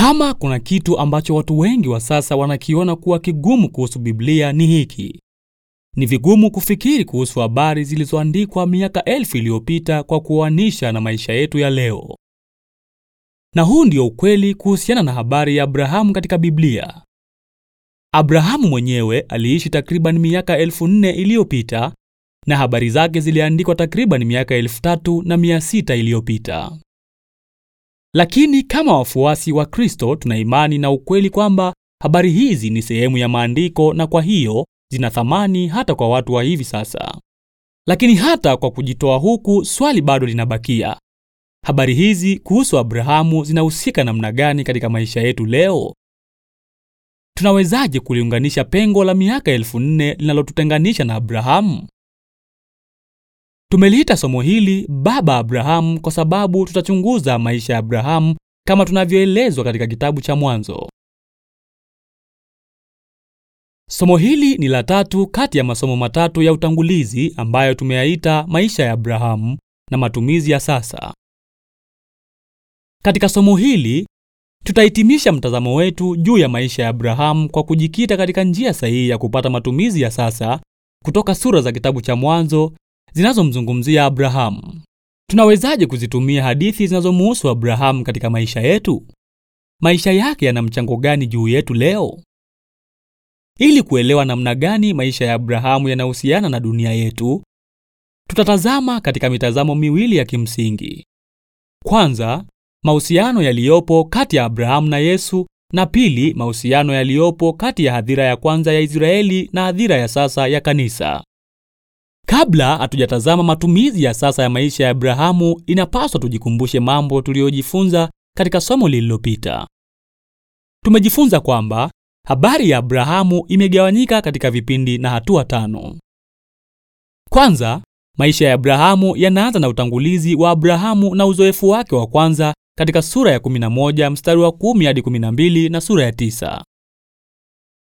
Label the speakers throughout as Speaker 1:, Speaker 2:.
Speaker 1: Kama kuna kitu ambacho watu wengi wa sasa wanakiona kuwa kigumu kuhusu Biblia ni hiki: ni vigumu kufikiri kuhusu habari zilizoandikwa miaka elfu iliyopita kwa kuoanisha na maisha yetu ya leo. Na huu ndio ukweli kuhusiana na habari ya Abrahamu katika Biblia. Abrahamu mwenyewe aliishi takriban miaka elfu nne iliyopita na habari zake ziliandikwa takriban miaka elfu tatu na mia sita iliyopita. Lakini kama wafuasi wa Kristo tuna imani na ukweli kwamba habari hizi ni sehemu ya maandiko na kwa hiyo zina thamani hata kwa watu wa hivi sasa. Lakini hata kwa kujitoa huku, swali bado linabakia. Habari hizi kuhusu Abrahamu zinahusika namna gani katika maisha yetu leo? Tunawezaje kuliunganisha pengo la miaka elfu nne linalotutenganisha na Abrahamu? Tumeliita somo hili Baba Abrahamu kwa sababu tutachunguza maisha ya Abrahamu kama tunavyoelezwa katika kitabu cha Mwanzo. Somo hili ni la tatu kati ya masomo matatu ya utangulizi ambayo tumeyaita maisha ya Abrahamu na matumizi ya sasa. Katika somo hili tutahitimisha mtazamo wetu juu ya maisha ya Abrahamu kwa kujikita katika njia sahihi ya kupata matumizi ya sasa kutoka sura za kitabu cha Mwanzo zinazomzungumzia Abrahamu. Tunawezaje kuzitumia hadithi zinazomhusu Abrahamu katika maisha yetu? Maisha yake yana mchango gani juu yetu leo? Ili kuelewa namna gani maisha ya Abrahamu yanahusiana na dunia yetu, tutatazama katika mitazamo miwili ya kimsingi. Kwanza, mahusiano yaliyopo kati ya Abrahamu na Yesu, na pili, mahusiano yaliyopo kati ya hadhira ya kwanza ya Israeli na hadhira ya sasa ya kanisa. Kabla hatujatazama matumizi ya sasa ya maisha ya Abrahamu, inapaswa tujikumbushe mambo tuliyojifunza katika somo lililopita. Tumejifunza kwamba habari ya Abrahamu imegawanyika katika vipindi na hatua tano. Kwanza, maisha ya Abrahamu yanaanza na utangulizi wa Abrahamu na uzoefu wake wa kwanza katika sura ya 11 mstari wa 10 hadi 12 na sura ya 9.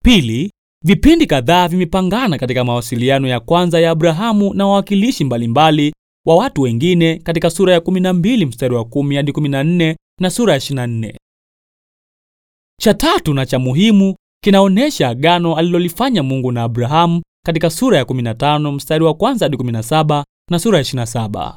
Speaker 1: Pili, Vipindi kadhaa vimepangana katika mawasiliano ya kwanza ya Abrahamu na wawakilishi mbalimbali wa watu wengine katika sura ya 12 mstari wa 10 hadi 14 na sura ya 24. Cha tatu na cha muhimu kinaonesha agano alilolifanya Mungu na Abrahamu katika sura ya 15 mstari wa kwanza hadi 17 na sura ya 27.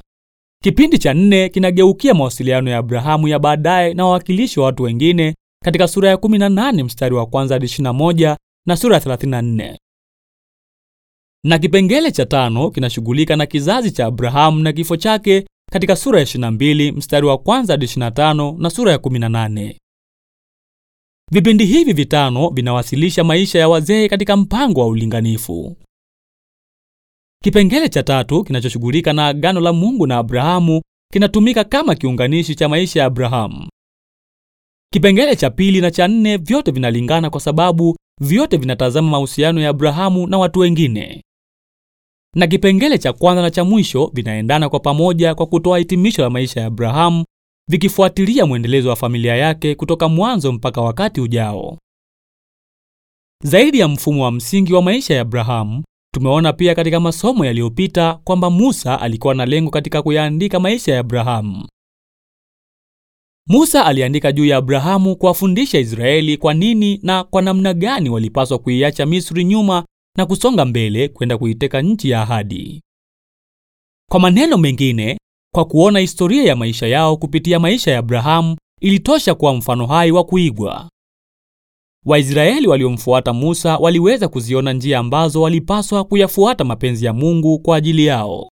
Speaker 1: Kipindi cha nne kinageukia mawasiliano ya Abrahamu ya baadaye na wawakilishi wa watu wengine katika sura ya 18 mstari wa kwanza hadi 21 na sura ya 34. Na kipengele cha tano kinashughulika na kizazi cha Abrahamu na kifo chake katika sura ya 22 mstari wa kwanza hadi 25 na sura ya 18. Vipindi hivi vitano vinawasilisha maisha ya wazee katika mpango wa ulinganifu. Kipengele cha tatu kinachoshughulika na agano la Mungu na Abrahamu kinatumika kama kiunganishi cha maisha ya Abrahamu. Kipengele cha pili na cha nne vyote vinalingana kwa sababu vyote vinatazama mahusiano ya Abrahamu na watu wengine, na kipengele cha kwanza na cha mwisho vinaendana kwa pamoja kwa kutoa hitimisho la maisha ya Abrahamu, vikifuatilia mwendelezo wa familia yake kutoka mwanzo mpaka wakati ujao. Zaidi ya mfumo wa msingi wa maisha ya Abrahamu, tumeona pia katika masomo yaliyopita kwamba Musa alikuwa na lengo katika kuyaandika maisha ya Abrahamu. Musa aliandika juu ya Abrahamu kuwafundisha Israeli kwa nini na kwa namna gani walipaswa kuiacha Misri nyuma na kusonga mbele kwenda kuiteka nchi ya ahadi. Kwa maneno mengine, kwa kuona historia ya maisha yao kupitia maisha ya Abrahamu ilitosha kuwa mfano hai wa kuigwa. Waisraeli waliomfuata Musa waliweza kuziona njia ambazo walipaswa kuyafuata mapenzi ya Mungu kwa ajili yao.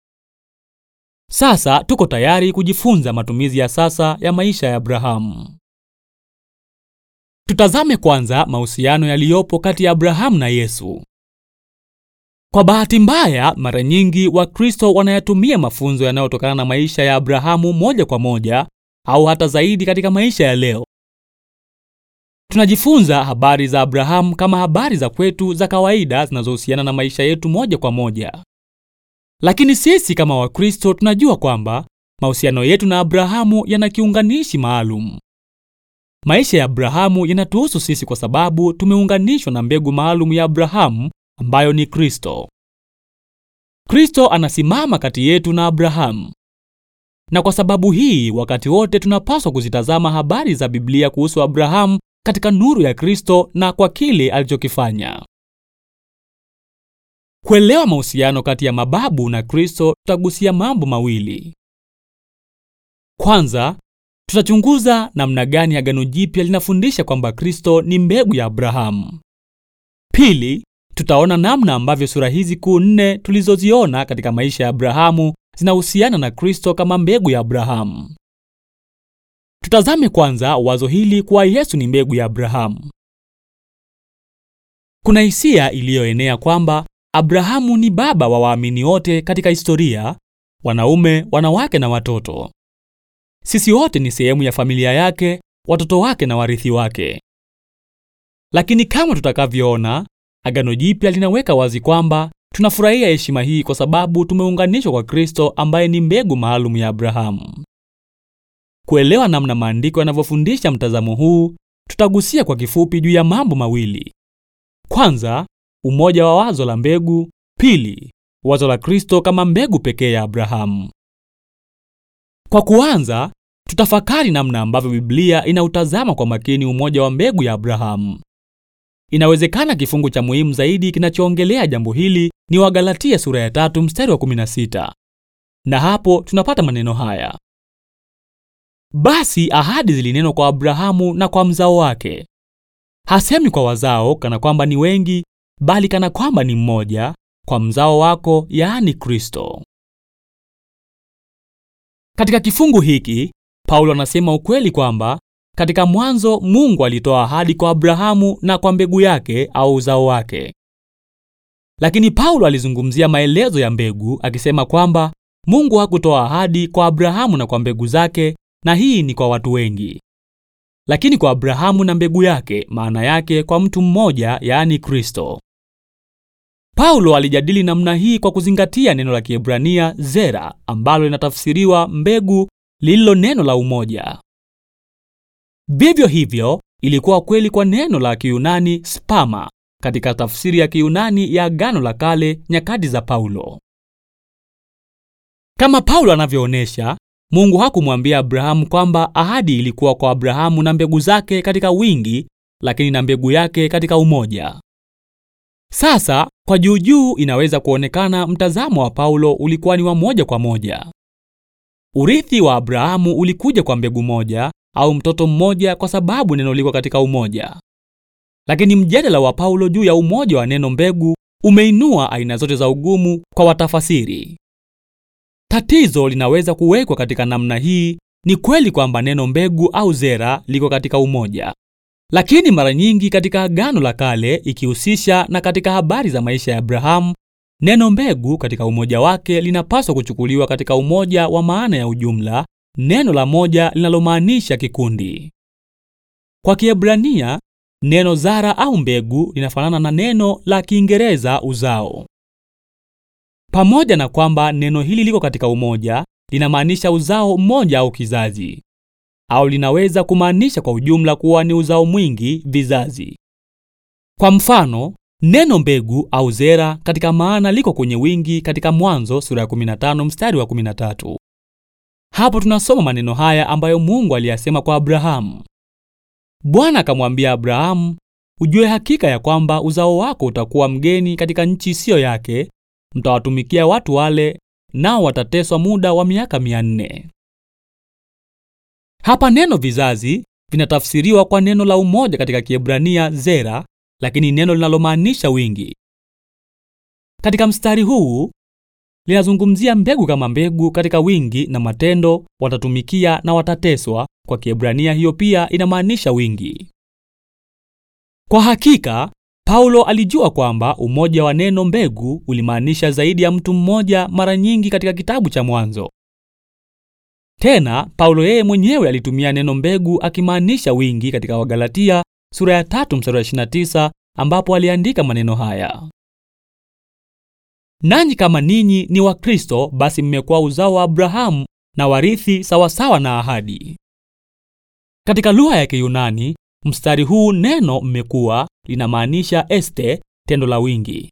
Speaker 1: Sasa tuko tayari kujifunza matumizi ya sasa ya maisha ya Abrahamu. Tutazame kwanza mahusiano yaliyopo kati ya Abrahamu na Yesu. Kwa bahati mbaya, mara nyingi Wakristo wanayatumia mafunzo yanayotokana na maisha ya Abrahamu moja kwa moja au hata zaidi katika maisha ya leo. Tunajifunza habari za Abrahamu kama habari za kwetu za kawaida zinazohusiana na maisha yetu moja kwa moja. Lakini sisi kama Wakristo tunajua kwamba mahusiano yetu na Abrahamu yana kiunganishi maalum. Maisha ya Abrahamu yanatuhusu sisi kwa sababu tumeunganishwa na mbegu maalum ya Abrahamu ambayo ni Kristo. Kristo anasimama kati yetu na Abrahamu. Na kwa sababu hii, wakati wote tunapaswa kuzitazama habari za Biblia kuhusu Abrahamu katika nuru ya Kristo na kwa kile alichokifanya. Kuelewa mahusiano kati ya mababu na Kristo, tutagusia mambo mawili. Kwanza, tutachunguza namna gani Agano Jipya linafundisha kwamba Kristo ni mbegu ya Abrahamu. Pili, tutaona namna ambavyo sura hizi kuu nne tulizoziona katika maisha ya Abrahamu zinahusiana na Kristo kama mbegu ya Abrahamu. Tutazame kwanza wazo hili kuwa Yesu ni mbegu ya Abrahamu. Kuna hisia iliyoenea kwamba Abrahamu ni baba wa waamini wote katika historia, wanaume, wanawake na watoto. Sisi wote ni sehemu ya familia yake, watoto wake na warithi wake. Lakini kama tutakavyoona, Agano Jipya linaweka wazi kwamba tunafurahia heshima hii kwa sababu tumeunganishwa kwa Kristo ambaye ni mbegu maalum ya Abrahamu. Kuelewa namna maandiko yanavyofundisha mtazamo huu, tutagusia kwa kifupi juu ya mambo mawili. Kwanza, umoja wa wazo la mbegu; pili, wazo la Kristo kama mbegu pekee ya Abrahamu. Kwa kuanza, tutafakari namna ambavyo Biblia inautazama kwa makini umoja wa mbegu ya Abrahamu. Inawezekana kifungu cha muhimu zaidi kinachoongelea jambo hili ni Wagalatia sura ya tatu mstari wa 16. Na hapo tunapata maneno haya: basi ahadi zilinenwa kwa Abrahamu na kwa mzao wake. Hasemi kwa wazao kana kwamba ni wengi, bali kana kwamba ni mmoja kwa mzao wako, yaani Kristo. Katika kifungu hiki Paulo anasema ukweli kwamba katika mwanzo Mungu alitoa ahadi kwa Abrahamu na kwa mbegu yake au uzao wake. Lakini Paulo alizungumzia maelezo ya mbegu akisema kwamba Mungu hakutoa ahadi kwa Abrahamu na kwa mbegu zake, na hii ni kwa watu wengi. Lakini kwa Abrahamu na mbegu yake, maana yake kwa mtu mmoja, yaani Kristo. Paulo alijadili namna hii kwa kuzingatia neno la Kiebrania zera ambalo linatafsiriwa mbegu, lililo neno la umoja. Vivyo hivyo ilikuwa kweli kwa neno la Kiyunani spama katika tafsiri ya Kiyunani ya gano la Kale nyakati za Paulo. Kama Paulo anavyoonyesha, Mungu hakumwambia Abrahamu kwamba ahadi ilikuwa kwa Abrahamu na mbegu zake katika wingi, lakini na mbegu yake katika umoja. Sasa kwa juujuu inaweza kuonekana mtazamo wa Paulo ulikuwa ni wa moja kwa moja. Urithi wa Abrahamu ulikuja kwa mbegu moja au mtoto mmoja kwa sababu neno liko katika umoja. Lakini mjadala wa Paulo juu ya umoja wa neno mbegu umeinua aina zote za ugumu kwa watafasiri. Tatizo linaweza kuwekwa katika namna hii: ni kweli kwamba neno mbegu au zera liko katika umoja, lakini mara nyingi katika Agano la Kale, ikihusisha na katika habari za maisha ya Abrahamu, neno mbegu katika umoja wake linapaswa kuchukuliwa katika umoja wa maana ya ujumla, neno la moja linalomaanisha kikundi. Kwa Kiebrania, neno zara au mbegu linafanana na neno la Kiingereza uzao. Pamoja na kwamba neno hili liko katika umoja, linamaanisha uzao mmoja au kizazi au linaweza kumaanisha kwa ujumla kuwa ni uzao mwingi, vizazi. Kwa mfano, neno mbegu au zera katika maana liko kwenye wingi katika Mwanzo sura ya 15 mstari wa 13. Hapo tunasoma maneno haya ambayo Mungu aliyasema kwa Abrahamu. Bwana akamwambia Abrahamu, ujue hakika ya kwamba uzao wako utakuwa mgeni katika nchi isiyo yake, mtawatumikia watu wale, nao watateswa muda wa miaka mia nne. Hapa neno vizazi vinatafsiriwa kwa neno la umoja katika Kiebrania zera, lakini neno linalomaanisha wingi. Katika mstari huu linazungumzia mbegu kama mbegu katika wingi na matendo, watatumikia na watateswa. Kwa Kiebrania hiyo pia inamaanisha wingi. Kwa hakika Paulo alijua kwamba umoja wa neno mbegu ulimaanisha zaidi ya mtu mmoja mara nyingi katika kitabu cha Mwanzo. Tena Paulo yeye mwenyewe alitumia neno mbegu akimaanisha wingi katika Wagalatia sura ya 3 mstari wa 29 ambapo aliandika maneno haya: nanyi kama ninyi ni Wakristo, basi mmekuwa uzao wa Abrahamu na warithi sawasawa na ahadi. Katika lugha ya Kiyunani, mstari huu neno mmekuwa linamaanisha este, tendo la wingi,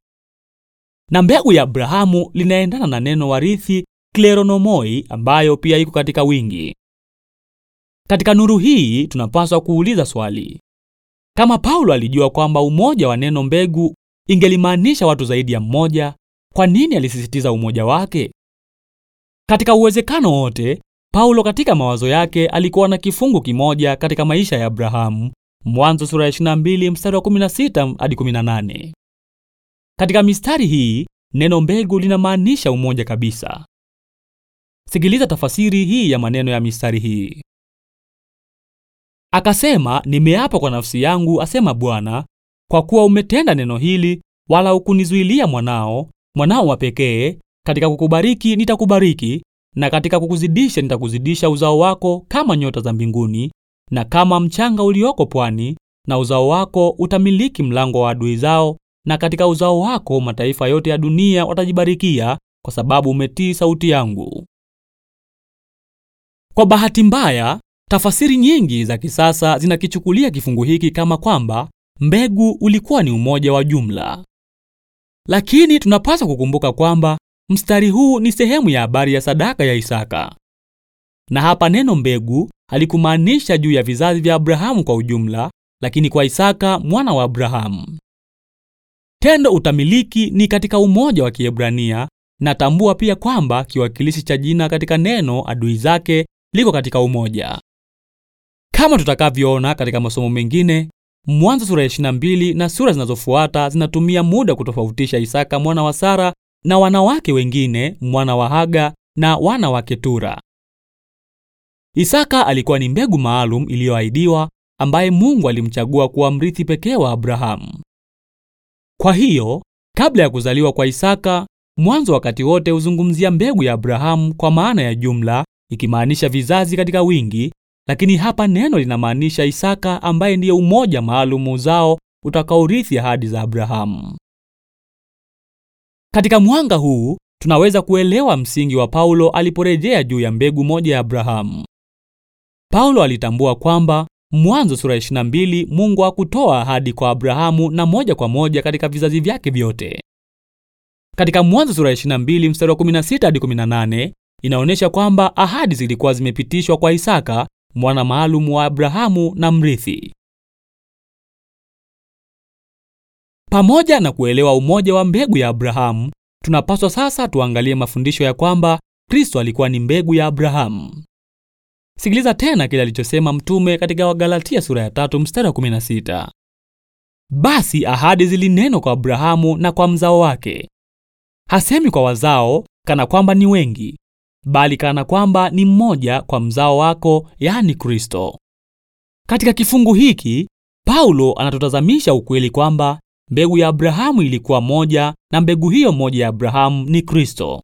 Speaker 1: na mbegu ya Abrahamu linaendana na neno warithi kleronomoi ambayo pia iko katika wingi. Katika nuru hii tunapaswa kuuliza swali. Kama Paulo alijua kwamba umoja wa neno mbegu ingelimaanisha watu zaidi ya mmoja, kwa nini alisisitiza umoja wake? Katika uwezekano wote, Paulo katika mawazo yake alikuwa na kifungu kimoja katika maisha ya Abrahamu, Mwanzo sura ya 22 mstari wa 16 hadi 18. Katika mistari hii neno mbegu linamaanisha umoja kabisa. Sikiliza tafasiri hii ya maneno ya mistari hii. Akasema, nimeapa kwa nafsi yangu, asema Bwana, kwa kuwa umetenda neno hili, wala hukunizuilia mwanao, mwanao wa pekee, katika kukubariki nitakubariki, na katika kukuzidisha nitakuzidisha uzao wako kama nyota za mbinguni na kama mchanga ulioko pwani, na uzao wako utamiliki mlango wa adui zao, na katika uzao wako mataifa yote ya dunia watajibarikia, kwa sababu umetii sauti yangu. Kwa bahati mbaya, tafasiri nyingi za kisasa zinakichukulia kifungu hiki kama kwamba mbegu ulikuwa ni umoja wa jumla, lakini tunapaswa kukumbuka kwamba mstari huu ni sehemu ya habari ya sadaka ya Isaka, na hapa neno mbegu halikumaanisha juu ya vizazi vya Abrahamu kwa ujumla, lakini kwa Isaka mwana wa Abrahamu. Tendo utamiliki ni katika umoja wa Kiebrania. Natambua pia kwamba kiwakilishi cha jina katika neno adui zake liko katika umoja. Kama tutakavyoona katika masomo mengine, Mwanzo sura ya 22 na sura zinazofuata zinatumia muda kutofautisha Isaka mwana wa Sara na wanawake wengine, mwana wa Haga na wana wa Ketura. Isaka alikuwa ni mbegu maalum iliyoahidiwa ambaye Mungu alimchagua kuwa mrithi pekee wa Abrahamu. Kwa hiyo, kabla ya kuzaliwa kwa Isaka, Mwanzo wakati wote huzungumzia mbegu ya Abrahamu kwa maana ya jumla ikimaanisha vizazi katika wingi, lakini hapa neno linamaanisha Isaka ambaye ndiye umoja maalumu uzao utakaorithi ahadi za Abrahamu. Katika mwanga huu tunaweza kuelewa msingi wa Paulo aliporejea juu ya mbegu moja ya Abrahamu. Paulo alitambua kwamba Mwanzo sura ya 22 Mungu hakutoa ahadi kwa Abrahamu na moja kwa moja katika vizazi vyake vyote. Katika Mwanzo sura ya 22 mstari wa 16 hadi Inaonyesha kwamba ahadi zilikuwa zimepitishwa kwa Isaka, mwana maalumu wa Abrahamu na mrithi. Pamoja na kuelewa umoja wa mbegu ya Abrahamu, tunapaswa sasa tuangalie mafundisho ya kwamba Kristo alikuwa ni mbegu ya Abrahamu. Sikiliza tena kile alichosema mtume katika Wagalatia sura ya 3 mstari wa 16. Basi ahadi zilinenwa kwa Abrahamu na kwa mzao wake. Hasemi kwa wazao kana kwamba ni wengi, bali kana kwamba ni mmoja kwa mzao wako, yani Kristo. Katika kifungu hiki Paulo anatutazamisha ukweli kwamba mbegu ya Abrahamu ilikuwa moja na mbegu hiyo moja ya Abrahamu ni Kristo.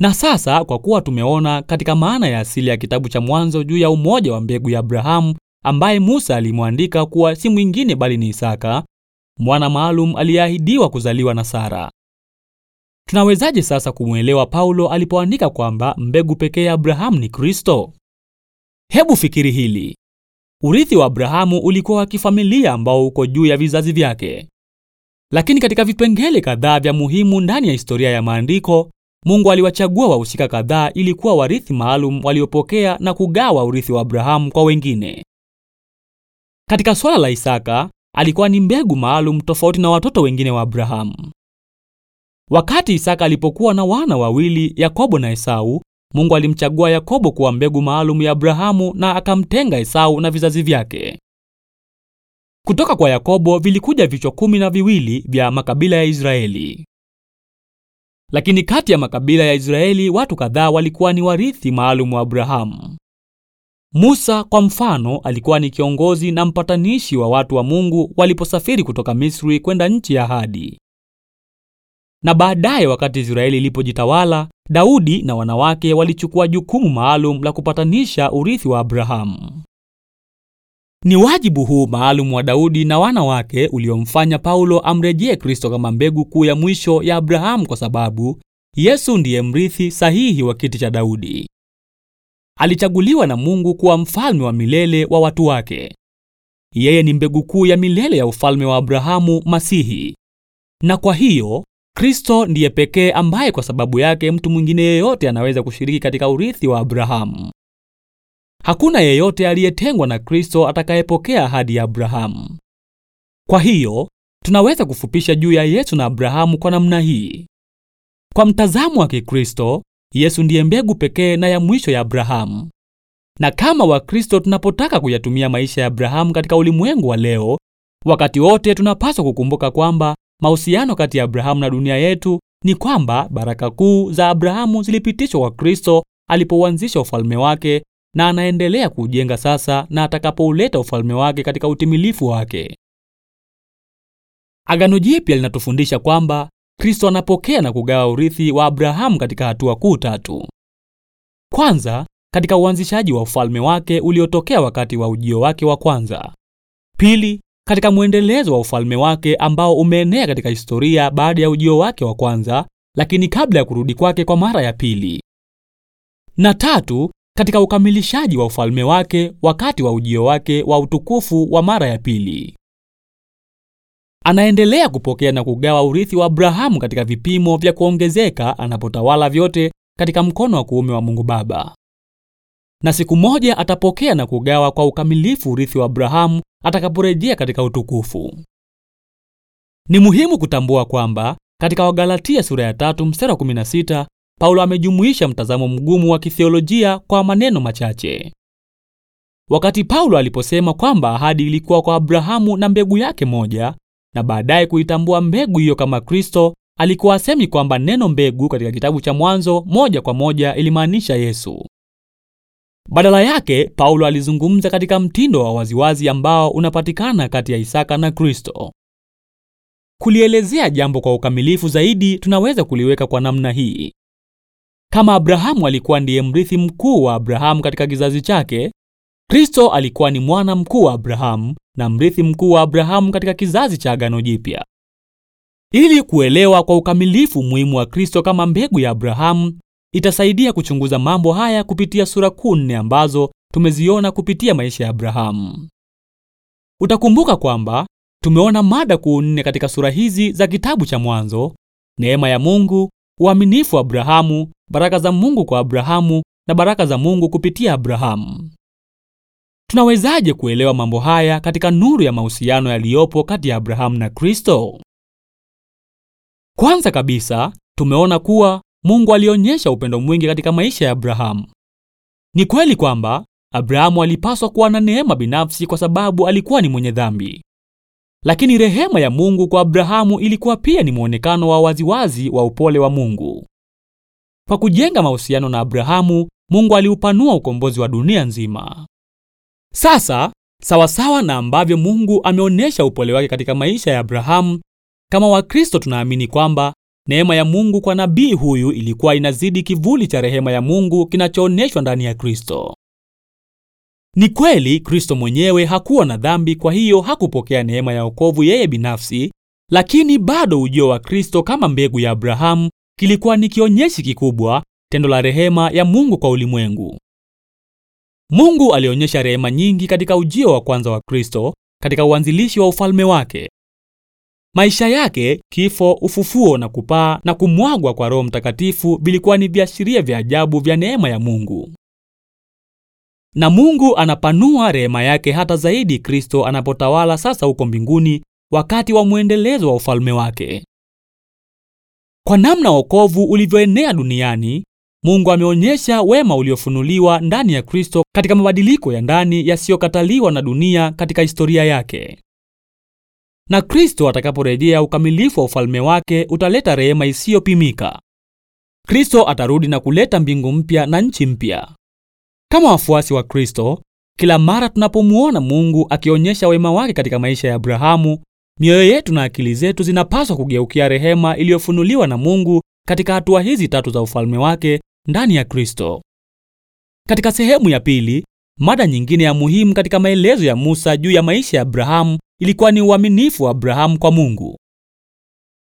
Speaker 1: Na sasa kwa kuwa tumeona katika maana ya asili ya kitabu cha Mwanzo juu ya umoja wa mbegu ya Abrahamu ambaye Musa alimwandika kuwa si mwingine bali ni Isaka, mwana maalum aliyeahidiwa kuzaliwa na Sara. Tunawezaje sasa kumwelewa Paulo alipoandika kwamba mbegu pekee ya Abrahamu ni Kristo? Hebu fikiri hili. Urithi wa Abrahamu ulikuwa wa kifamilia ambao uko juu ya vizazi vyake. Lakini katika vipengele kadhaa vya muhimu ndani ya historia ya maandiko, Mungu aliwachagua wahusika kadhaa ili kuwa warithi maalum waliopokea na kugawa urithi wa Abrahamu kwa wengine. Katika swala la Isaka, alikuwa ni mbegu maalum tofauti na watoto wengine wa Abrahamu. Wakati Isaka alipokuwa na wana wawili, Yakobo na Esau, Mungu alimchagua Yakobo kuwa mbegu maalum ya Abrahamu na akamtenga Esau na vizazi vyake. Kutoka kwa Yakobo vilikuja vichwa kumi na viwili vya makabila ya Israeli. Lakini kati ya makabila ya Israeli watu kadhaa walikuwa ni warithi maalum wa Abrahamu. Musa kwa mfano alikuwa ni kiongozi na mpatanishi wa watu wa Mungu waliposafiri kutoka Misri kwenda nchi ya ahadi na baadaye wakati Israeli ilipojitawala, Daudi na wanawake walichukua jukumu maalum la kupatanisha urithi wa Abrahamu. Ni wajibu huu maalum wa Daudi na wanawake uliomfanya Paulo amrejee Kristo kama mbegu kuu ya mwisho ya Abrahamu kwa sababu Yesu ndiye mrithi sahihi wa kiti cha Daudi. Alichaguliwa na Mungu kuwa mfalme wa milele wa watu wake. Yeye ni mbegu kuu ya milele ya ufalme wa Abrahamu Masihi. Na kwa hiyo Kristo ndiye pekee ambaye kwa sababu yake mtu mwingine yeyote anaweza kushiriki katika urithi wa Abrahamu. Hakuna yeyote aliyetengwa na Kristo atakayepokea ahadi ya Abrahamu. Kwa hiyo, tunaweza kufupisha juu ya Yesu na Abrahamu kwa namna hii. Kwa mtazamo wa Kikristo, Yesu ndiye mbegu pekee na ya mwisho ya Abrahamu. Na kama Wakristo tunapotaka kuyatumia maisha ya Abrahamu katika ulimwengu wa leo, wakati wote tunapaswa kukumbuka kwamba Mahusiano kati ya Abrahamu na dunia yetu ni kwamba baraka kuu za Abrahamu zilipitishwa kwa Kristo alipouanzisha ufalme wake na anaendelea kujenga sasa na atakapouleta ufalme wake katika utimilifu wake. Agano Jipya linatufundisha kwamba Kristo anapokea na kugawa urithi wa Abrahamu katika hatua kuu tatu. Kwanza, katika uanzishaji wa ufalme wake uliotokea wakati wa ujio wake wa kwanza. Pili, katika mwendelezo wa ufalme wake ambao umeenea katika historia baada ya ujio wake wa kwanza, lakini kabla ya kurudi kwake kwa mara ya pili. Na tatu, katika ukamilishaji wa ufalme wake wakati wa ujio wake wa utukufu wa mara ya pili. Anaendelea kupokea na kugawa urithi wa Abrahamu katika vipimo vya kuongezeka anapotawala vyote katika mkono wa kuume wa Mungu Baba. Na siku moja atapokea na kugawa kwa ukamilifu urithi wa Abrahamu atakaporejea katika utukufu. Ni muhimu kutambua kwamba katika Wagalatia sura ya tatu mstari wa 16 Paulo amejumuisha mtazamo mgumu wa kithiolojia kwa maneno machache. Wakati Paulo aliposema kwamba ahadi ilikuwa kwa Abrahamu na mbegu yake moja, na baadaye kuitambua mbegu hiyo kama Kristo, alikuwa asemi kwamba neno mbegu katika kitabu cha Mwanzo moja kwa moja ilimaanisha Yesu. Badala yake, Paulo alizungumza katika mtindo wa waziwazi ambao unapatikana kati ya Isaka na Kristo. Kulielezea jambo kwa ukamilifu zaidi, tunaweza kuliweka kwa namna hii: kama Abrahamu alikuwa ndiye mrithi mkuu wa Abrahamu katika kizazi chake, Kristo alikuwa ni mwana mkuu wa Abrahamu na mrithi mkuu wa Abrahamu katika kizazi cha Agano Jipya. Ili kuelewa kwa ukamilifu muhimu wa Kristo kama mbegu ya Abrahamu, itasaidia kuchunguza mambo haya kupitia sura kuu nne ambazo tumeziona kupitia maisha ya Abrahamu. Utakumbuka kwamba tumeona mada kuu nne katika sura hizi za kitabu cha Mwanzo: neema ya Mungu, uaminifu wa Abrahamu, baraka za Mungu kwa Abrahamu na baraka za Mungu kupitia Abrahamu. Tunawezaje kuelewa mambo haya katika nuru ya mahusiano yaliyopo kati ya Abrahamu na Kristo? Kwanza kabisa, tumeona kuwa Mungu alionyesha upendo mwingi katika maisha ya Abrahamu. Ni kweli kwamba Abrahamu alipaswa kuwa na neema binafsi kwa sababu alikuwa ni mwenye dhambi, lakini rehema ya Mungu kwa Abrahamu ilikuwa pia ni mwonekano wa waziwazi wa upole wa Mungu. Kwa kujenga mahusiano na Abrahamu, Mungu aliupanua ukombozi wa dunia nzima. Sasa, sawasawa na ambavyo Mungu ameonyesha upole wake katika maisha ya Abrahamu, kama Wakristo tunaamini kwamba Neema ya Mungu kwa nabii huyu ilikuwa inazidi kivuli cha rehema ya Mungu kinachoonyeshwa ndani ya Kristo. Ni kweli Kristo mwenyewe hakuwa na dhambi, kwa hiyo hakupokea neema ya wokovu yeye binafsi, lakini bado ujio wa Kristo kama mbegu ya Abrahamu kilikuwa ni kionyeshi kikubwa tendo la rehema ya Mungu kwa ulimwengu. Mungu alionyesha rehema nyingi katika ujio wa kwanza wa Kristo, katika uanzilishi wa ufalme wake, Maisha yake, kifo, ufufuo na kupaa na kumwagwa kwa Roho Mtakatifu vilikuwa ni viashiria vya ajabu vya neema ya Mungu. Na Mungu anapanua rehema yake hata zaidi Kristo anapotawala sasa huko mbinguni wakati wa mwendelezo wa ufalme wake. Kwa namna wokovu ulivyoenea duniani, Mungu ameonyesha wema uliofunuliwa ndani ya Kristo katika mabadiliko ya ndani yasiyokataliwa na dunia katika historia yake na Kristo atakaporejea, ukamilifu wa ufalme wake utaleta rehema isiyopimika. Kristo atarudi na kuleta mbingu mpya na nchi mpya. Kama wafuasi wa Kristo, kila mara tunapomuona Mungu akionyesha wema wake katika maisha ya Abrahamu, mioyo yetu na akili zetu zinapaswa kugeukia rehema iliyofunuliwa na Mungu katika hatua hizi tatu za ufalme wake ndani ya Kristo. Katika sehemu ya pili, mada nyingine ya muhimu katika maelezo ya Musa juu ya maisha ya Abrahamu ilikuwa ni uaminifu wa Abrahamu kwa Mungu.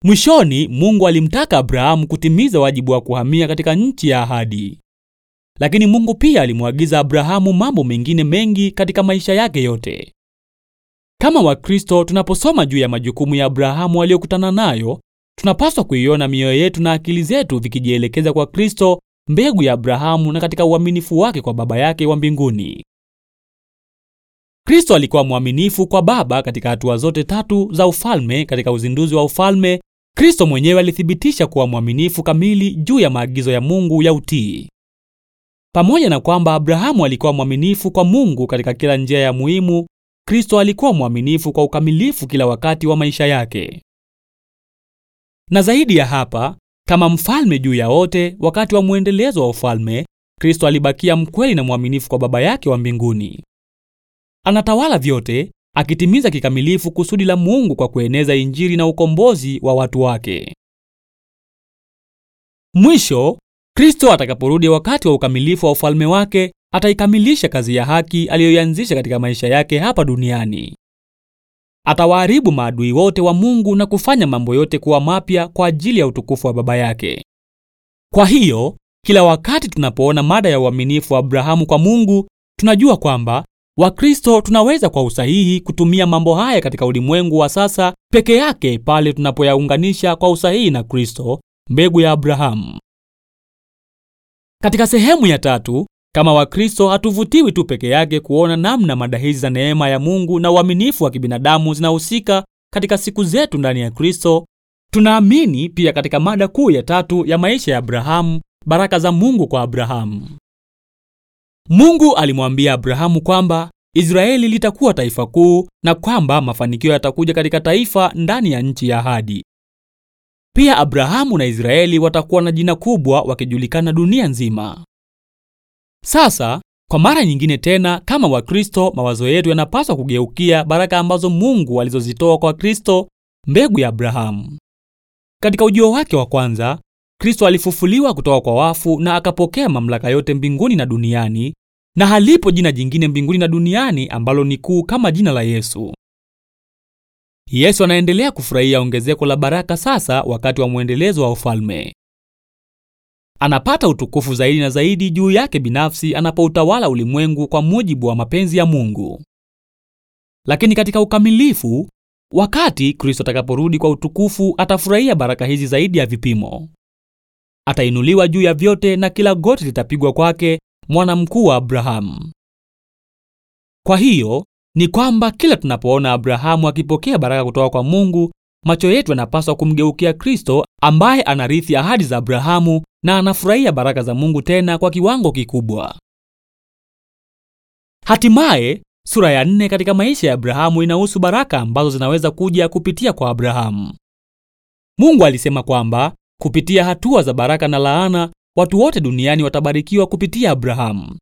Speaker 1: Mwishoni, Mungu alimtaka Abrahamu kutimiza wajibu wa kuhamia katika nchi ya ahadi. Lakini Mungu pia alimwagiza Abrahamu mambo mengine mengi katika maisha yake yote. Kama Wakristo, tunaposoma juu ya majukumu ya Abrahamu aliyokutana nayo, tunapaswa kuiona mioyo yetu na akili zetu vikijielekeza kwa Kristo, mbegu ya Abrahamu, na katika uaminifu wake kwa Baba yake wa mbinguni. Kristo alikuwa mwaminifu kwa Baba katika hatua zote tatu za ufalme. Katika uzinduzi wa ufalme, Kristo mwenyewe alithibitisha kuwa mwaminifu kamili juu ya maagizo ya Mungu ya utii. Pamoja na kwamba Abrahamu alikuwa mwaminifu kwa Mungu katika kila njia ya muhimu, Kristo alikuwa mwaminifu kwa ukamilifu kila wakati wa maisha yake. Na zaidi ya hapa, kama mfalme juu ya wote, wakati wa mwendelezo wa ufalme, Kristo alibakia mkweli na mwaminifu kwa Baba yake wa mbinguni. Anatawala vyote akitimiza kikamilifu kusudi la Mungu kwa kueneza injili na ukombozi wa watu wake. Mwisho, Kristo atakaporudi wakati wa ukamilifu wa ufalme wake, ataikamilisha kazi ya haki aliyoianzisha katika maisha yake hapa duniani. Atawaharibu maadui wote wa Mungu na kufanya mambo yote kuwa mapya kwa ajili ya utukufu wa Baba yake. Kwa hiyo, kila wakati tunapoona mada ya uaminifu wa Abrahamu kwa Mungu, tunajua kwamba Wakristo tunaweza kwa usahihi kutumia mambo haya katika ulimwengu wa sasa peke yake pale tunapoyaunganisha kwa usahihi na Kristo, mbegu ya Abrahamu. Katika sehemu ya tatu, kama Wakristo hatuvutiwi tu peke yake kuona namna mada hizi za neema ya Mungu na uaminifu wa kibinadamu zinahusika katika siku zetu ndani ya Kristo, tunaamini pia katika mada kuu ya tatu ya maisha ya Abrahamu, baraka za Mungu kwa Abrahamu. Mungu alimwambia Abrahamu kwamba Israeli litakuwa taifa kuu na kwamba mafanikio yatakuja katika taifa ndani ya nchi ya ahadi. Pia Abrahamu na Israeli watakuwa na jina kubwa wakijulikana dunia nzima. Sasa kwa mara nyingine tena, kama Wakristo, mawazo yetu yanapaswa kugeukia baraka ambazo Mungu alizozitoa kwa Kristo, mbegu ya Abrahamu. Katika ujio wake wa kwanza, Kristo alifufuliwa kutoka kwa wafu na akapokea mamlaka yote mbinguni na duniani, na halipo jina jingine mbinguni na duniani ambalo ni kuu kama jina la Yesu. Yesu anaendelea kufurahia ongezeko la baraka sasa wakati wa mwendelezo wa ufalme. Anapata utukufu zaidi na zaidi juu yake binafsi anapoutawala ulimwengu kwa mujibu wa mapenzi ya Mungu. Lakini katika ukamilifu, wakati Kristo atakaporudi kwa utukufu, atafurahia baraka hizi zaidi ya vipimo atainuliwa juu ya vyote na kila goti litapigwa kwake, mwana mkuu wa Abrahamu. Kwa hiyo ni kwamba kila tunapoona Abrahamu akipokea baraka kutoka kwa Mungu, macho yetu yanapaswa kumgeukia Kristo ambaye anarithi ahadi za Abrahamu na anafurahia baraka za Mungu tena kwa kiwango kikubwa. Hatimaye, sura ya nne katika maisha ya Abrahamu inahusu baraka ambazo zinaweza kuja kupitia kwa Abrahamu. Mungu alisema kwamba Kupitia hatua za baraka na laana, watu wote duniani watabarikiwa kupitia Abrahamu.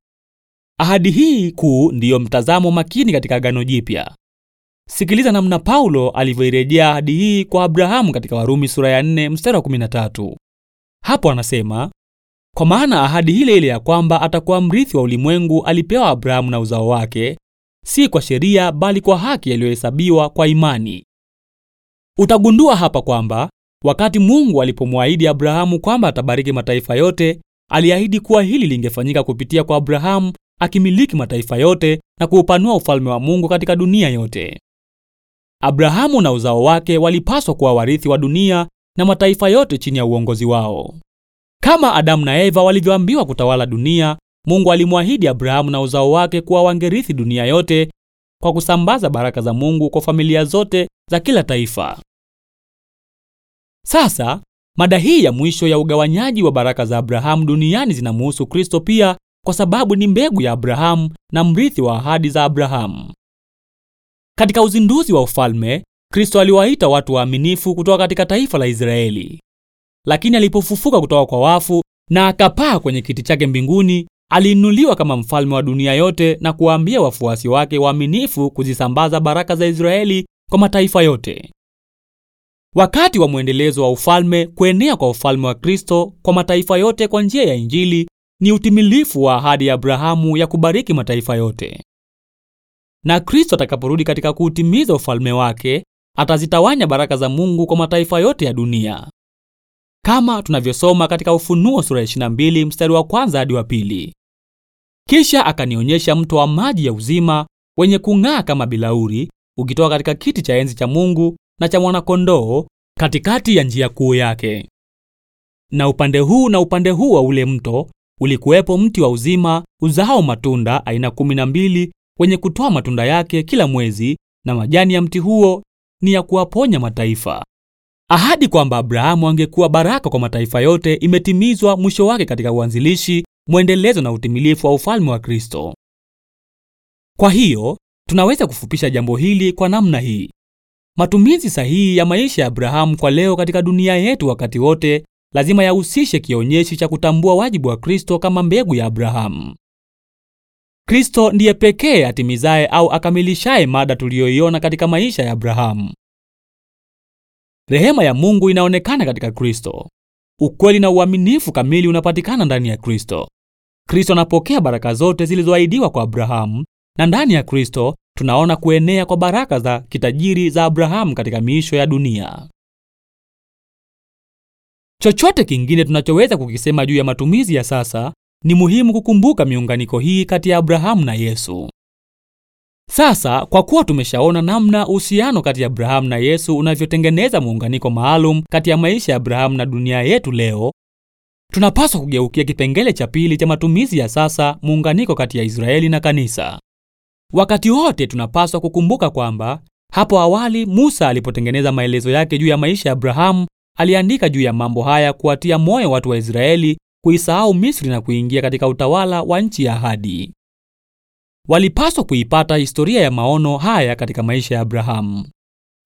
Speaker 1: Ahadi hii kuu ndiyo mtazamo makini katika Agano Jipya. Sikiliza namna Paulo alivyoirejea ahadi hii kwa Abrahamu katika Warumi sura ya 4 mstari wa 13. Hapo anasema, kwa maana ahadi ile ile ya kwamba atakuwa mrithi wa ulimwengu alipewa Abrahamu na uzao wake, si kwa sheria bali kwa haki yaliyohesabiwa kwa imani. Utagundua hapa kwamba Wakati Mungu alipomwahidi Abrahamu kwamba atabariki mataifa yote, aliahidi kuwa hili lingefanyika kupitia kwa Abrahamu akimiliki mataifa yote na kuupanua ufalme wa Mungu katika dunia yote. Abrahamu na uzao wake walipaswa kuwa warithi wa dunia na mataifa yote chini ya uongozi wao. Kama Adamu na Eva walivyoambiwa kutawala dunia, Mungu alimwahidi Abrahamu na uzao wake kuwa wangerithi dunia yote kwa kusambaza baraka za Mungu kwa familia zote za kila taifa. Sasa mada hii ya mwisho ya ugawanyaji wa baraka za Abrahamu duniani zinamhusu Kristo pia, kwa sababu ni mbegu ya Abrahamu na mrithi wa ahadi za Abrahamu. Katika uzinduzi wa ufalme, Kristo aliwaita watu waaminifu kutoka katika taifa la Israeli. Lakini alipofufuka kutoka kwa wafu na akapaa kwenye kiti chake mbinguni, aliinuliwa kama mfalme wa dunia yote na kuwaambia wafuasi wake waaminifu kuzisambaza baraka za Israeli kwa mataifa yote. Wakati wa mwendelezo wa ufalme, kuenea kwa ufalme wa Kristo kwa mataifa yote kwa njia ya Injili ni utimilifu wa ahadi ya Abrahamu ya kubariki mataifa yote. Na Kristo atakaporudi katika kuutimiza ufalme wake, atazitawanya baraka za Mungu kwa mataifa yote ya dunia. Kama tunavyosoma katika Ufunuo sura ya 22 mstari wa kwanza hadi wa pili. Kisha akanionyesha mto wa maji ya uzima wenye kung'aa kama bilauri ukitoka katika kiti cha enzi cha Mungu na cha mwanakondoo katikati ya njia kuu yake. Na upande huu na upande huu wa ule mto ulikuwepo mti wa uzima uzao matunda aina kumi na mbili wenye kutoa matunda yake kila mwezi, na majani ya mti huo ni ya kuwaponya mataifa. Ahadi kwamba Abrahamu angekuwa baraka kwa mataifa yote imetimizwa mwisho wake katika uanzilishi, mwendelezo na utimilifu wa ufalme wa Kristo. Kwa hiyo tunaweza kufupisha jambo hili kwa namna hii: Matumizi sahihi ya maisha ya Abrahamu kwa leo katika dunia yetu wakati wote lazima yahusishe kionyeshi cha kutambua wajibu wa Kristo kama mbegu ya Abrahamu. Kristo ndiye pekee atimizaye au akamilishaye mada tuliyoiona katika maisha ya Abrahamu. Rehema ya Mungu inaonekana katika Kristo. Ukweli na uaminifu kamili unapatikana ndani ya Kristo. Kristo anapokea baraka zote zilizoahidiwa kwa Abrahamu, na ndani ya Kristo tunaona kuenea kwa baraka za kitajiri za Abrahamu katika miisho ya dunia. Chochote kingine tunachoweza kukisema juu ya matumizi ya sasa, ni muhimu kukumbuka miunganiko hii kati ya Abrahamu na Yesu. Sasa, kwa kuwa tumeshaona namna uhusiano kati ya Abrahamu na Yesu unavyotengeneza muunganiko maalum kati ya maisha ya Abrahamu na dunia yetu leo, tunapaswa kugeukia kipengele cha pili cha matumizi ya sasa, muunganiko kati ya Israeli na kanisa. Wakati wote tunapaswa kukumbuka kwamba hapo awali Musa alipotengeneza maelezo yake juu ya maisha ya Abrahamu, aliandika juu ya mambo haya kuwatia moyo watu wa Israeli kuisahau Misri na kuingia katika utawala wa nchi ya ahadi. Walipaswa kuipata historia ya maono haya katika maisha ya Abrahamu.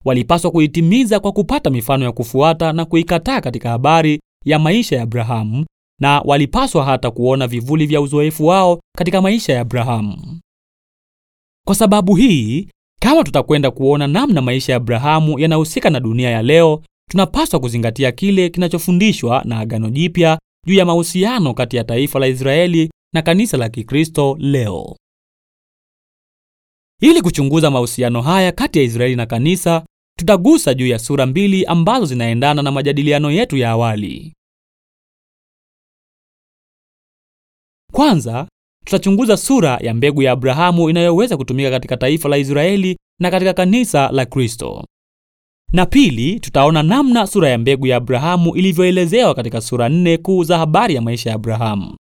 Speaker 1: Walipaswa kuitimiza kwa kupata mifano ya kufuata na kuikataa katika habari ya maisha ya Abrahamu, na walipaswa hata kuona vivuli vya uzoefu wao katika maisha ya Abrahamu. Kwa sababu hii, kama tutakwenda kuona namna maisha ya Abrahamu yanahusika na dunia ya leo, tunapaswa kuzingatia kile kinachofundishwa na Agano Jipya juu ya mahusiano kati ya taifa la Israeli na kanisa la Kikristo leo. Ili kuchunguza mahusiano haya kati ya Israeli na kanisa, tutagusa juu ya sura mbili ambazo zinaendana na majadiliano yetu ya awali. Kwanza, Tutachunguza sura ya mbegu ya Abrahamu inayoweza kutumika katika taifa la Israeli na katika kanisa la Kristo. Na pili, tutaona namna sura ya mbegu ya Abrahamu ilivyoelezewa katika sura nne kuu za habari ya maisha ya Abrahamu.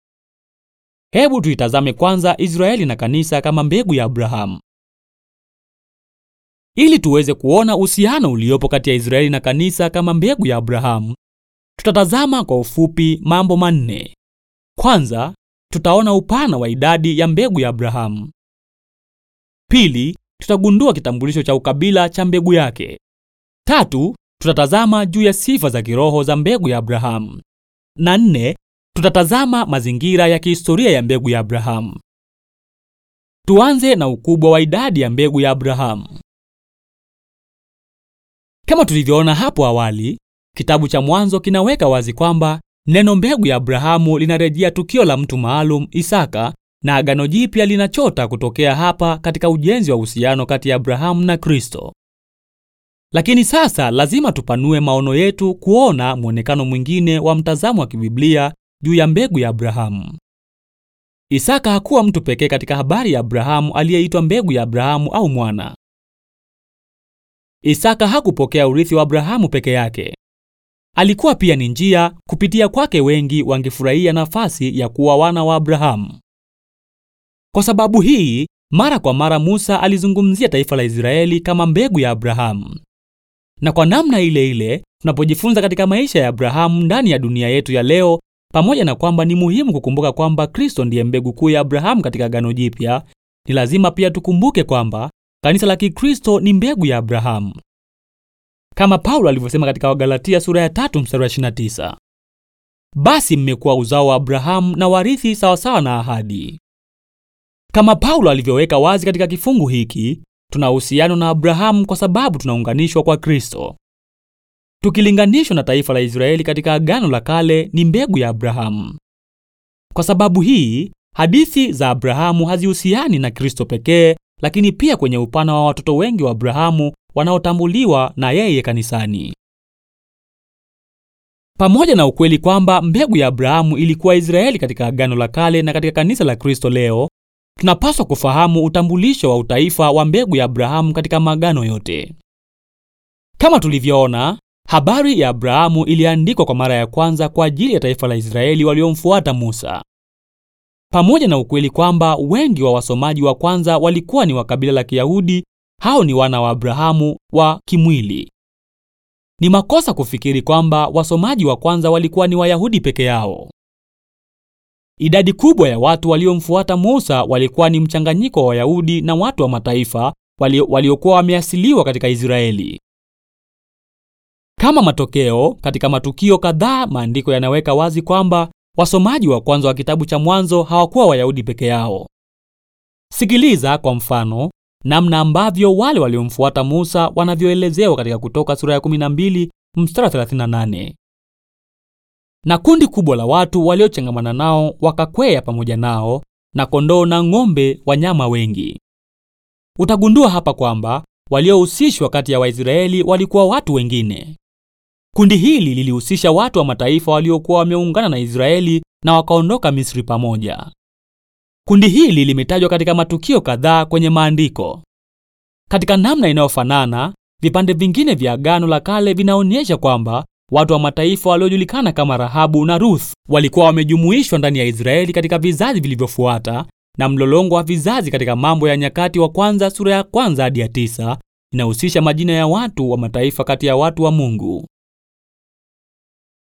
Speaker 1: Hebu tuitazame kwanza Israeli na kanisa kama mbegu ya Abrahamu. Ili tuweze kuona uhusiano uliopo kati ya Israeli na kanisa kama mbegu ya Abrahamu, tutatazama kwa ufupi mambo manne. Kwanza, tutaona upana wa idadi ya mbegu ya Abrahamu. Pili, tutagundua kitambulisho cha ukabila cha mbegu yake. Tatu, tutatazama juu ya sifa za kiroho za mbegu ya Abrahamu. Na nne, tutatazama mazingira ya kihistoria ya mbegu ya Abrahamu. Tuanze na ukubwa wa idadi ya mbegu ya Abrahamu. Kama tulivyoona hapo awali, kitabu cha Mwanzo kinaweka wazi kwamba Neno mbegu ya Abrahamu linarejea tukio la mtu maalum Isaka, na Agano Jipya linachota kutokea hapa katika ujenzi wa uhusiano kati ya Abrahamu na Kristo. Lakini sasa lazima tupanue maono yetu kuona mwonekano mwingine wa mtazamo wa kibiblia juu ya mbegu ya Abrahamu. Isaka hakuwa mtu pekee katika habari ya Abrahamu aliyeitwa mbegu ya Abrahamu au mwana. Isaka hakupokea urithi wa Abrahamu peke yake. Alikuwa pia ni njia kupitia kwake wengi wangefurahia nafasi ya kuwa wana wa Abrahamu. Kwa sababu hii, mara kwa mara Musa alizungumzia taifa la Israeli kama mbegu ya Abrahamu. Na kwa namna ile ile, tunapojifunza katika maisha ya Abrahamu ndani ya dunia yetu ya leo, pamoja na kwamba ni muhimu kukumbuka kwamba Kristo ndiye mbegu kuu ya Abrahamu katika Agano Jipya, ni lazima pia tukumbuke kwamba kanisa la Kikristo ni mbegu ya Abrahamu kama Paulo alivyosema katika Wagalatia sura ya tatu mstari wa tisa basi mmekuwa uzao wa Abrahamu na warithi sawasawa na ahadi. Kama Paulo alivyoweka wazi katika kifungu hiki, tuna uhusiano na Abrahamu kwa sababu tunaunganishwa kwa Kristo. Tukilinganishwa na taifa la Israeli katika Agano la Kale, ni mbegu ya Abrahamu. Kwa sababu hii, hadithi za Abrahamu hazihusiani na Kristo pekee, lakini pia kwenye upana wa watoto wengi wa Abrahamu wanaotambuliwa na yeye kanisani. Pamoja na ukweli kwamba mbegu ya Abrahamu ilikuwa Israeli katika Agano la Kale na katika kanisa la Kristo leo, tunapaswa kufahamu utambulisho wa utaifa wa mbegu ya Abrahamu katika maagano yote. Kama tulivyoona, habari ya Abrahamu iliandikwa kwa mara ya kwanza kwa ajili ya taifa la Israeli waliomfuata Musa. Pamoja na ukweli kwamba wengi wa wasomaji wa kwanza walikuwa ni wa kabila la Kiyahudi hao ni wana wa Abrahamu wa kimwili. Ni makosa kufikiri kwamba wasomaji wa kwanza walikuwa ni Wayahudi peke yao. Idadi kubwa ya watu waliomfuata Musa walikuwa ni mchanganyiko wa Wayahudi na watu wa mataifa waliokuwa wameasiliwa katika Israeli. Kama matokeo, katika matukio kadhaa maandiko yanaweka wazi kwamba wasomaji wa kwanza wa kitabu cha Mwanzo hawakuwa Wayahudi peke yao. Sikiliza kwa mfano namna ambavyo wale waliomfuata Musa wanavyoelezewa katika Kutoka sura ya 12 mstari 38. Na kundi kubwa la watu waliochangamana nao wakakwea pamoja nao na kondoo na ng'ombe, wanyama wengi. Utagundua hapa kwamba waliohusishwa kati ya Waisraeli walikuwa watu wengine. Kundi hili lilihusisha watu wa mataifa waliokuwa wameungana na Israeli na wakaondoka Misri pamoja. Kundi hili limetajwa katika matukio kadhaa kwenye maandiko. Katika namna inayofanana, vipande vingine vya Agano la Kale vinaonyesha kwamba watu wa mataifa waliojulikana kama Rahabu na Ruth walikuwa wamejumuishwa ndani ya Israeli katika vizazi vilivyofuata, na mlolongo wa vizazi katika Mambo ya Nyakati wa Kwanza sura ya kwanza hadi ya tisa inahusisha majina ya watu wa mataifa kati ya watu wa Mungu.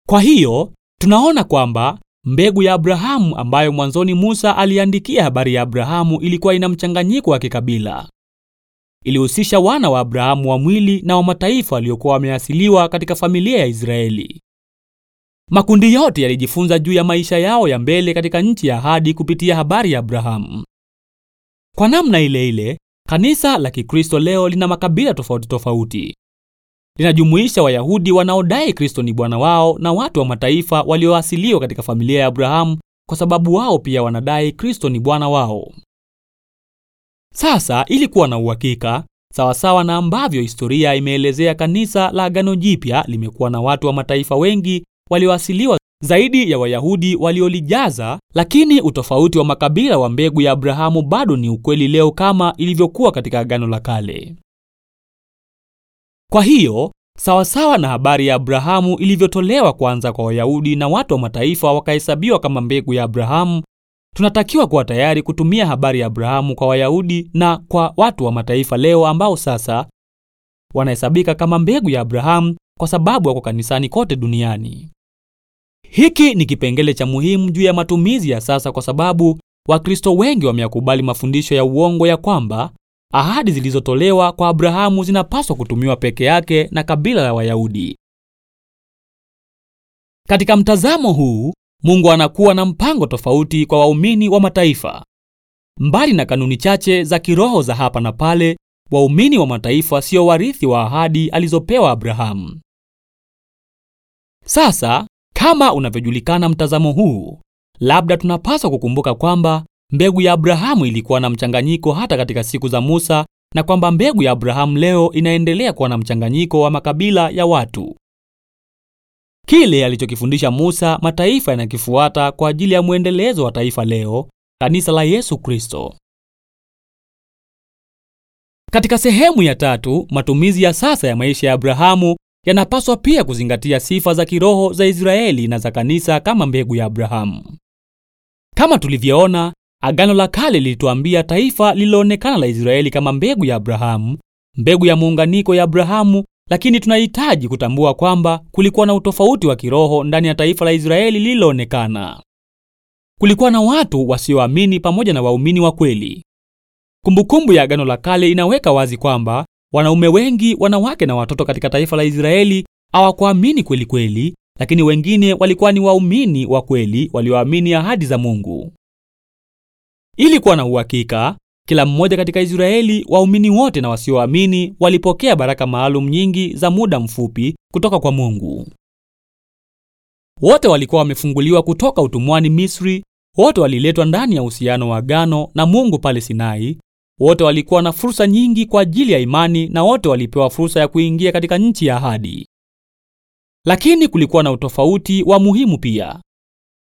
Speaker 1: Kwa hiyo tunaona kwamba Mbegu ya Abrahamu ambayo mwanzoni Musa aliandikia habari ya Abrahamu ilikuwa ina mchanganyiko wa kikabila. Ilihusisha wana wa Abrahamu wa mwili na wa mataifa waliokuwa wameasiliwa katika familia ya Israeli. Makundi yote yalijifunza juu ya maisha yao ya mbele katika nchi ya ahadi kupitia habari ya Abrahamu. Kwa namna ile ile, kanisa la Kikristo leo lina makabila tofauti tofauti linajumuisha Wayahudi wanaodai Kristo ni Bwana wao na watu wa mataifa walioasiliwa katika familia ya Abrahamu kwa sababu wao pia wanadai Kristo ni Bwana wao. Sasa ili kuwa na uhakika sawasawa na ambavyo historia imeelezea, kanisa la Agano Jipya limekuwa na watu wa mataifa wengi walioasiliwa zaidi ya Wayahudi waliolijaza, lakini utofauti wa makabila wa mbegu ya Abrahamu bado ni ukweli leo kama ilivyokuwa katika Agano la Kale. Kwa hiyo, sawasawa na habari ya Abrahamu ilivyotolewa kwanza kwa Wayahudi na watu wa mataifa wakahesabiwa kama mbegu ya Abrahamu, tunatakiwa kuwa tayari kutumia habari ya Abrahamu kwa Wayahudi na kwa watu wa mataifa leo ambao sasa wanahesabika kama mbegu ya Abrahamu kwa sababu wako kanisani kote duniani. Hiki ni kipengele cha muhimu juu ya matumizi ya sasa kwa sababu Wakristo wengi wameyakubali mafundisho ya uongo ya kwamba Ahadi zilizotolewa kwa Abrahamu zinapaswa kutumiwa peke yake na kabila la Wayahudi. Katika mtazamo huu, Mungu anakuwa na mpango tofauti kwa waumini wa mataifa. Mbali na kanuni chache za kiroho za hapa na pale, waumini wa mataifa sio warithi wa ahadi alizopewa Abrahamu. Sasa, kama unavyojulikana mtazamo huu, labda tunapaswa kukumbuka kwamba Mbegu ya Abrahamu ilikuwa na mchanganyiko hata katika siku za Musa na kwamba mbegu ya Abrahamu leo inaendelea kuwa na mchanganyiko wa makabila ya watu. Kile alichokifundisha Musa, mataifa yanakifuata kwa ajili ya mwendelezo wa taifa leo, kanisa la Yesu Kristo. Katika sehemu ya tatu, matumizi ya sasa ya maisha ya Abrahamu yanapaswa pia kuzingatia sifa za kiroho za Israeli na za kanisa kama mbegu ya Abrahamu. Kama tulivyoona, Agano la Kale lilituambia taifa lililoonekana la Israeli kama mbegu ya Abrahamu, mbegu ya muunganiko ya Abrahamu, lakini tunahitaji kutambua kwamba kulikuwa na utofauti wa kiroho ndani ya taifa la Israeli lililoonekana. Kulikuwa na watu wasioamini pamoja na waumini wa kweli. Kumbukumbu ya Agano la Kale inaweka wazi kwamba wanaume wengi, wanawake na watoto katika taifa la Israeli hawakuamini kweli kweli, lakini wengine walikuwa ni waumini wa kweli walioamini ahadi za Mungu. Ili kuwa na uhakika, kila mmoja katika Israeli, waumini wote na wasioamini, walipokea baraka maalum nyingi za muda mfupi kutoka kwa Mungu. Wote walikuwa wamefunguliwa kutoka utumwani Misri, wote waliletwa ndani ya uhusiano wa agano na Mungu pale Sinai. Wote walikuwa na fursa nyingi kwa ajili ya imani na wote walipewa fursa ya kuingia katika nchi ya ahadi. Lakini kulikuwa na utofauti wa muhimu pia.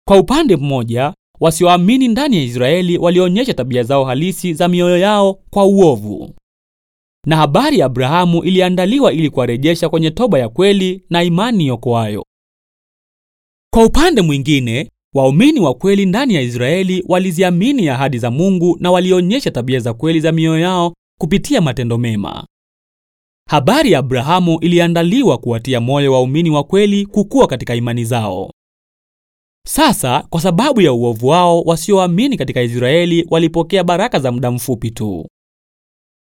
Speaker 1: Kwa upande mmoja, wasioamini ndani ya Israeli walionyesha tabia zao halisi za mioyo yao kwa uovu. Na habari ya Abrahamu iliandaliwa ili kuwarejesha kwenye toba ya kweli na imani yokoayo. Kwa upande mwingine, waumini wa kweli ndani ya Israeli waliziamini ahadi za Mungu na walionyesha tabia za kweli za mioyo yao kupitia matendo mema. Habari ya Abrahamu iliandaliwa kuwatia moyo waumini wa kweli kukua katika imani zao. Sasa kwa sababu ya uovu wao, wasioamini katika Israeli walipokea baraka za muda mfupi tu,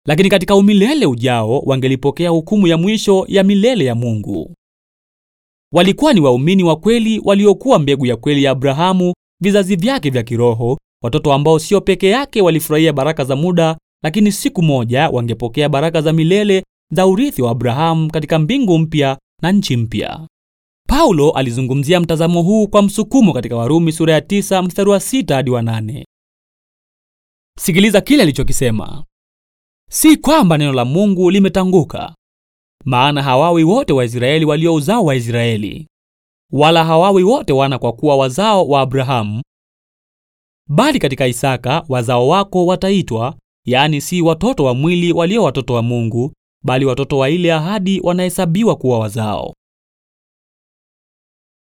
Speaker 1: lakini katika umilele ujao wangelipokea hukumu ya mwisho ya milele ya Mungu. Walikuwa ni waumini wa kweli waliokuwa mbegu ya kweli ya Abrahamu, vizazi vyake vya kiroho, watoto ambao sio peke yake walifurahia baraka za muda, lakini siku moja wangepokea baraka za milele za urithi wa Abrahamu katika mbingu mpya na nchi mpya. Paulo alizungumzia mtazamo huu kwa msukumo katika Warumi sura ya 9 mstari wa 6 hadi wa nane. Sikiliza kile alichokisema: si kwamba neno la Mungu limetanguka, maana hawawi wote Waisraeli walio uzao wa Israeli, wala hawawi wote wana, kwa kuwa wazao wa Abrahamu, bali katika Isaka wazao wako wataitwa, yani si watoto wa mwili walio watoto wa Mungu, bali watoto wa ile ahadi wanahesabiwa kuwa wazao.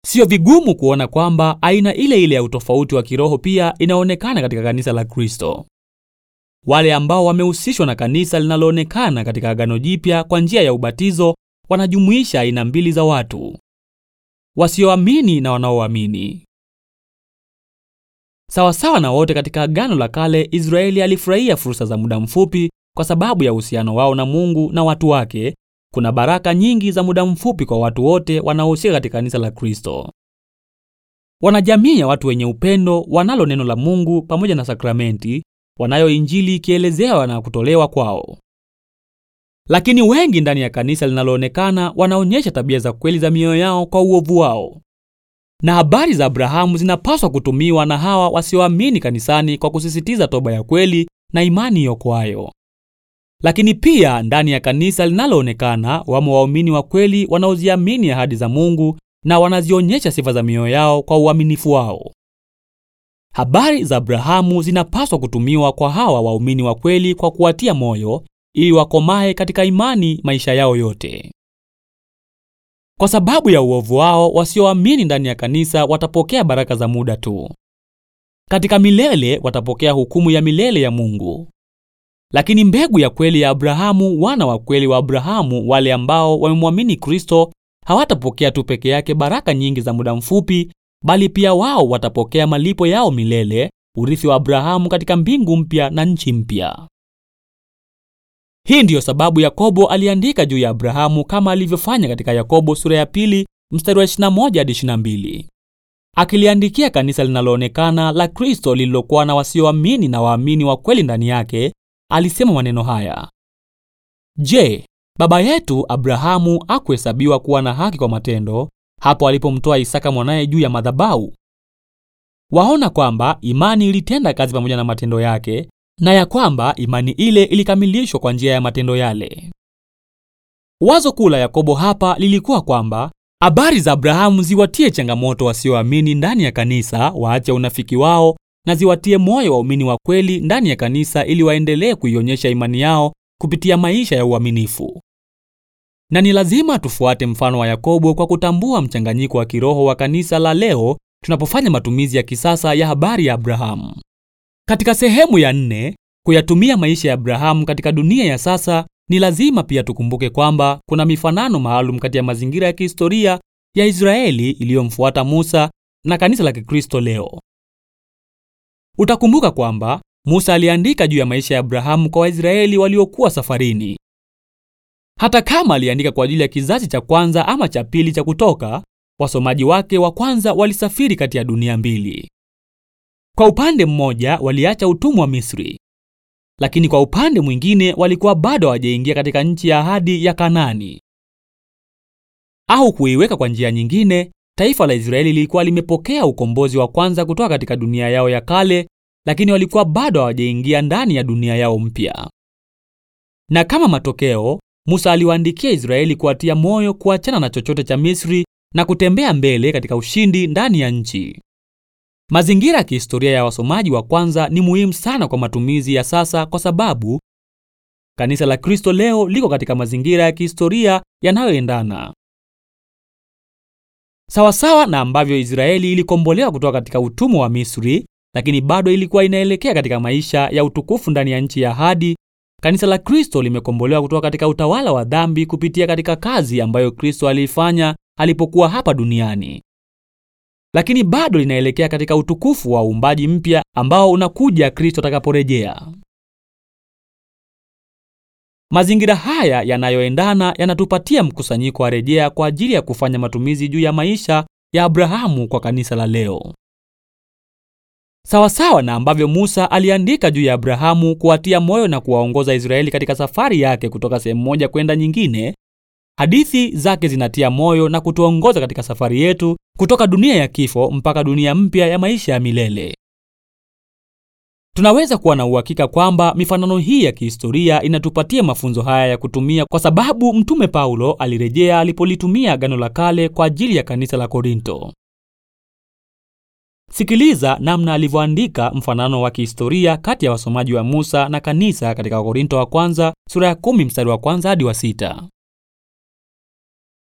Speaker 1: Sio vigumu kuona kwamba aina ile ile ya utofauti wa kiroho pia inaonekana katika kanisa la Kristo. Wale ambao wamehusishwa na kanisa linaloonekana katika Agano Jipya kwa njia ya ubatizo wanajumuisha aina mbili za watu: wasioamini na wanaoamini. Sawasawa na wote katika Agano la Kale, Israeli alifurahia fursa za muda mfupi kwa sababu ya uhusiano wao na Mungu na watu wake, kuna baraka nyingi za muda mfupi kwa watu wote wanaohusika katika kanisa la Kristo. Wanajamii ya watu wenye upendo wanalo neno la Mungu pamoja na sakramenti, wanayo injili ikielezewa na kutolewa kwao. Lakini wengi ndani ya kanisa linaloonekana wanaonyesha tabia za kweli za mioyo yao kwa uovu wao, na habari za Abrahamu zinapaswa kutumiwa na hawa wasioamini kanisani kwa kusisitiza toba ya kweli na imani iokoayo. Lakini pia ndani ya kanisa linaloonekana wamo waumini wa kweli wanaoziamini ahadi za Mungu na wanazionyesha sifa za mioyo yao kwa uaminifu wao. Habari za Abrahamu zinapaswa kutumiwa kwa hawa waumini wa kweli kwa kuwatia moyo ili wakomae katika imani maisha yao yote. Kwa sababu ya uovu wao, wasioamini ndani ya kanisa watapokea baraka za muda tu. Katika milele watapokea hukumu ya milele ya Mungu. Lakini mbegu ya kweli ya Abrahamu, wana wa kweli wa Abrahamu, wale ambao wamemwamini Kristo, hawatapokea tu peke yake baraka nyingi za muda mfupi, bali pia wao watapokea malipo yao milele, urithi wa Abrahamu katika mbingu mpya na nchi mpya. Hii ndiyo sababu Yakobo aliandika juu ya Abrahamu kama alivyofanya katika Yakobo sura ya pili mstari wa 21 hadi 22, akiliandikia kanisa linaloonekana la Kristo lililokuwa na wasioamini na waamini wa kweli ndani yake, alisema maneno haya, Je, baba yetu Abrahamu akuhesabiwa kuwa na haki kwa matendo hapo alipomtoa Isaka mwanaye juu ya madhabahu? Waona kwamba imani ilitenda kazi pamoja na matendo yake na ya kwamba imani ile ilikamilishwa kwa njia ya matendo yale. Wazo kuu la Yakobo hapa lilikuwa kwamba habari za Abrahamu ziwatie changamoto wasioamini ndani ya kanisa, waache unafiki wao na ziwatie moyo waumini wa kweli ndani ya kanisa ili waendelee kuionyesha imani yao kupitia maisha ya uaminifu. Na ni lazima tufuate mfano wa Yakobo kwa kutambua mchanganyiko wa kiroho wa kanisa la leo tunapofanya matumizi ya kisasa ya habari ya Abrahamu. Katika sehemu ya nne, kuyatumia maisha ya Abrahamu katika dunia ya sasa, ni lazima pia tukumbuke kwamba kuna mifanano maalum kati ya mazingira ya kihistoria ya Israeli iliyomfuata Musa na kanisa la Kikristo leo. Utakumbuka kwamba Musa aliandika juu ya maisha ya Abrahamu kwa Waisraeli waliokuwa safarini. Hata kama aliandika kwa ajili ya kizazi cha kwanza ama cha pili cha kutoka, wasomaji wake wa kwanza walisafiri kati ya dunia mbili. Kwa upande mmoja waliacha utumwa wa Misri, lakini kwa upande mwingine walikuwa bado hawajaingia katika nchi ya ahadi ya kanani au kuiweka kwa njia nyingine, Taifa la Israeli lilikuwa limepokea ukombozi wa kwanza kutoka katika dunia yao ya kale, lakini walikuwa bado hawajaingia ndani ya dunia yao mpya. Na kama matokeo, Musa aliwaandikia Israeli kuwatia moyo kuachana na chochote cha Misri na kutembea mbele katika ushindi ndani ya nchi. Mazingira ya kihistoria ya wasomaji wa kwanza ni muhimu sana kwa matumizi ya sasa kwa sababu kanisa la Kristo leo liko katika mazingira ya kihistoria yanayoendana. Sawasawa na ambavyo Israeli ilikombolewa kutoka katika utumwa wa Misri, lakini bado ilikuwa inaelekea katika maisha ya utukufu ndani ya nchi ya hadi Kanisa la Kristo limekombolewa kutoka katika utawala wa dhambi kupitia katika kazi ambayo Kristo aliifanya alipokuwa hapa duniani, lakini bado linaelekea katika utukufu wa uumbaji mpya ambao unakuja Kristo atakaporejea. Mazingira haya yanayoendana yanatupatia mkusanyiko wa rejea kwa ajili ya kufanya matumizi juu ya maisha ya Abrahamu kwa kanisa la leo. Sawasawa na ambavyo Musa aliandika juu ya Abrahamu kuwatia moyo na kuwaongoza Israeli katika safari yake kutoka sehemu moja kwenda nyingine, hadithi zake zinatia moyo na kutuongoza katika safari yetu kutoka dunia ya kifo mpaka dunia mpya ya maisha ya milele. Tunaweza kuwa na uhakika kwamba mifanano hii ya kihistoria inatupatia mafunzo haya ya kutumia, kwa sababu Mtume Paulo alirejea alipolitumia Agano la Kale kwa ajili ya kanisa la Korinto. Sikiliza namna alivyoandika mfanano wa kihistoria kati ya wasomaji wa Musa na kanisa katika Wakorinto wa kwanza sura ya kumi mstari wa kwanza hadi wa sita.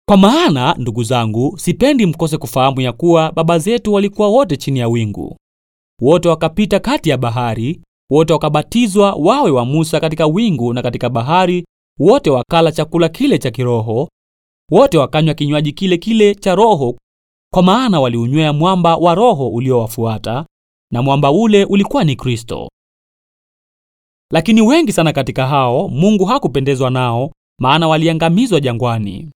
Speaker 1: Kwa maana ndugu zangu, sipendi mkose kufahamu ya kuwa baba zetu walikuwa wote chini ya wingu, wote wakapita kati ya bahari, wote wakabatizwa wawe wa Musa katika wingu na katika bahari, wote wakala chakula kile cha kiroho, wote wakanywa kinywaji kile kile cha roho, kwa maana waliunywea mwamba wa roho uliowafuata, na mwamba ule ulikuwa ni Kristo. Lakini wengi sana katika hao Mungu hakupendezwa nao, maana waliangamizwa jangwani.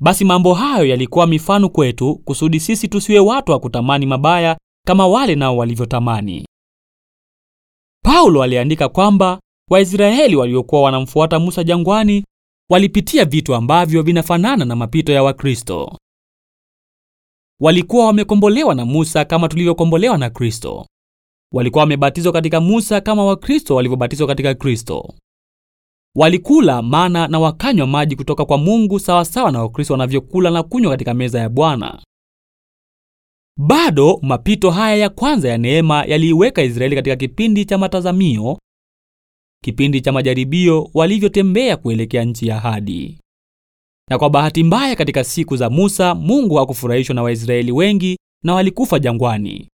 Speaker 1: Basi mambo hayo yalikuwa mifano kwetu, kusudi sisi tusiwe watu wa kutamani mabaya kama wale nao walivyotamani. Paulo aliandika kwamba Waisraeli waliokuwa wanamfuata Musa jangwani walipitia vitu ambavyo vinafanana na mapito ya Wakristo. Walikuwa wamekombolewa na Musa kama tulivyokombolewa na Kristo. Walikuwa wamebatizwa katika Musa kama Wakristo walivyobatizwa katika Kristo. Walikula mana na wakanywa maji kutoka kwa Mungu sawasawa na Wakristo wanavyokula na kunywa katika meza ya Bwana. Bado mapito haya ya kwanza ya neema yaliiweka Israeli katika kipindi cha matazamio, kipindi cha majaribio walivyotembea kuelekea nchi ya ahadi. Na kwa bahati mbaya, katika siku za Musa, Mungu hakufurahishwa na Waisraeli wengi na walikufa jangwani.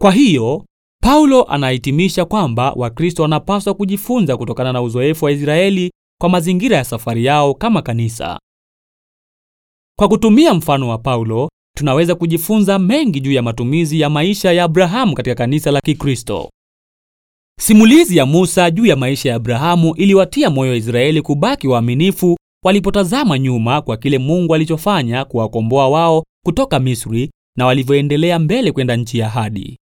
Speaker 1: Kwa hiyo Paulo anahitimisha kwamba Wakristo wanapaswa kujifunza kutokana na uzoefu wa Israeli kwa mazingira ya safari yao kama kanisa. Kwa kutumia mfano wa Paulo, tunaweza kujifunza mengi juu ya matumizi ya maisha ya Abrahamu katika kanisa la Kikristo. Simulizi ya Musa juu ya maisha ya Abrahamu iliwatia moyo Israeli kubaki waaminifu walipotazama nyuma kwa kile Mungu alichofanya kuwakomboa wao kutoka Misri na walivyoendelea mbele kwenda nchi ya ahadi.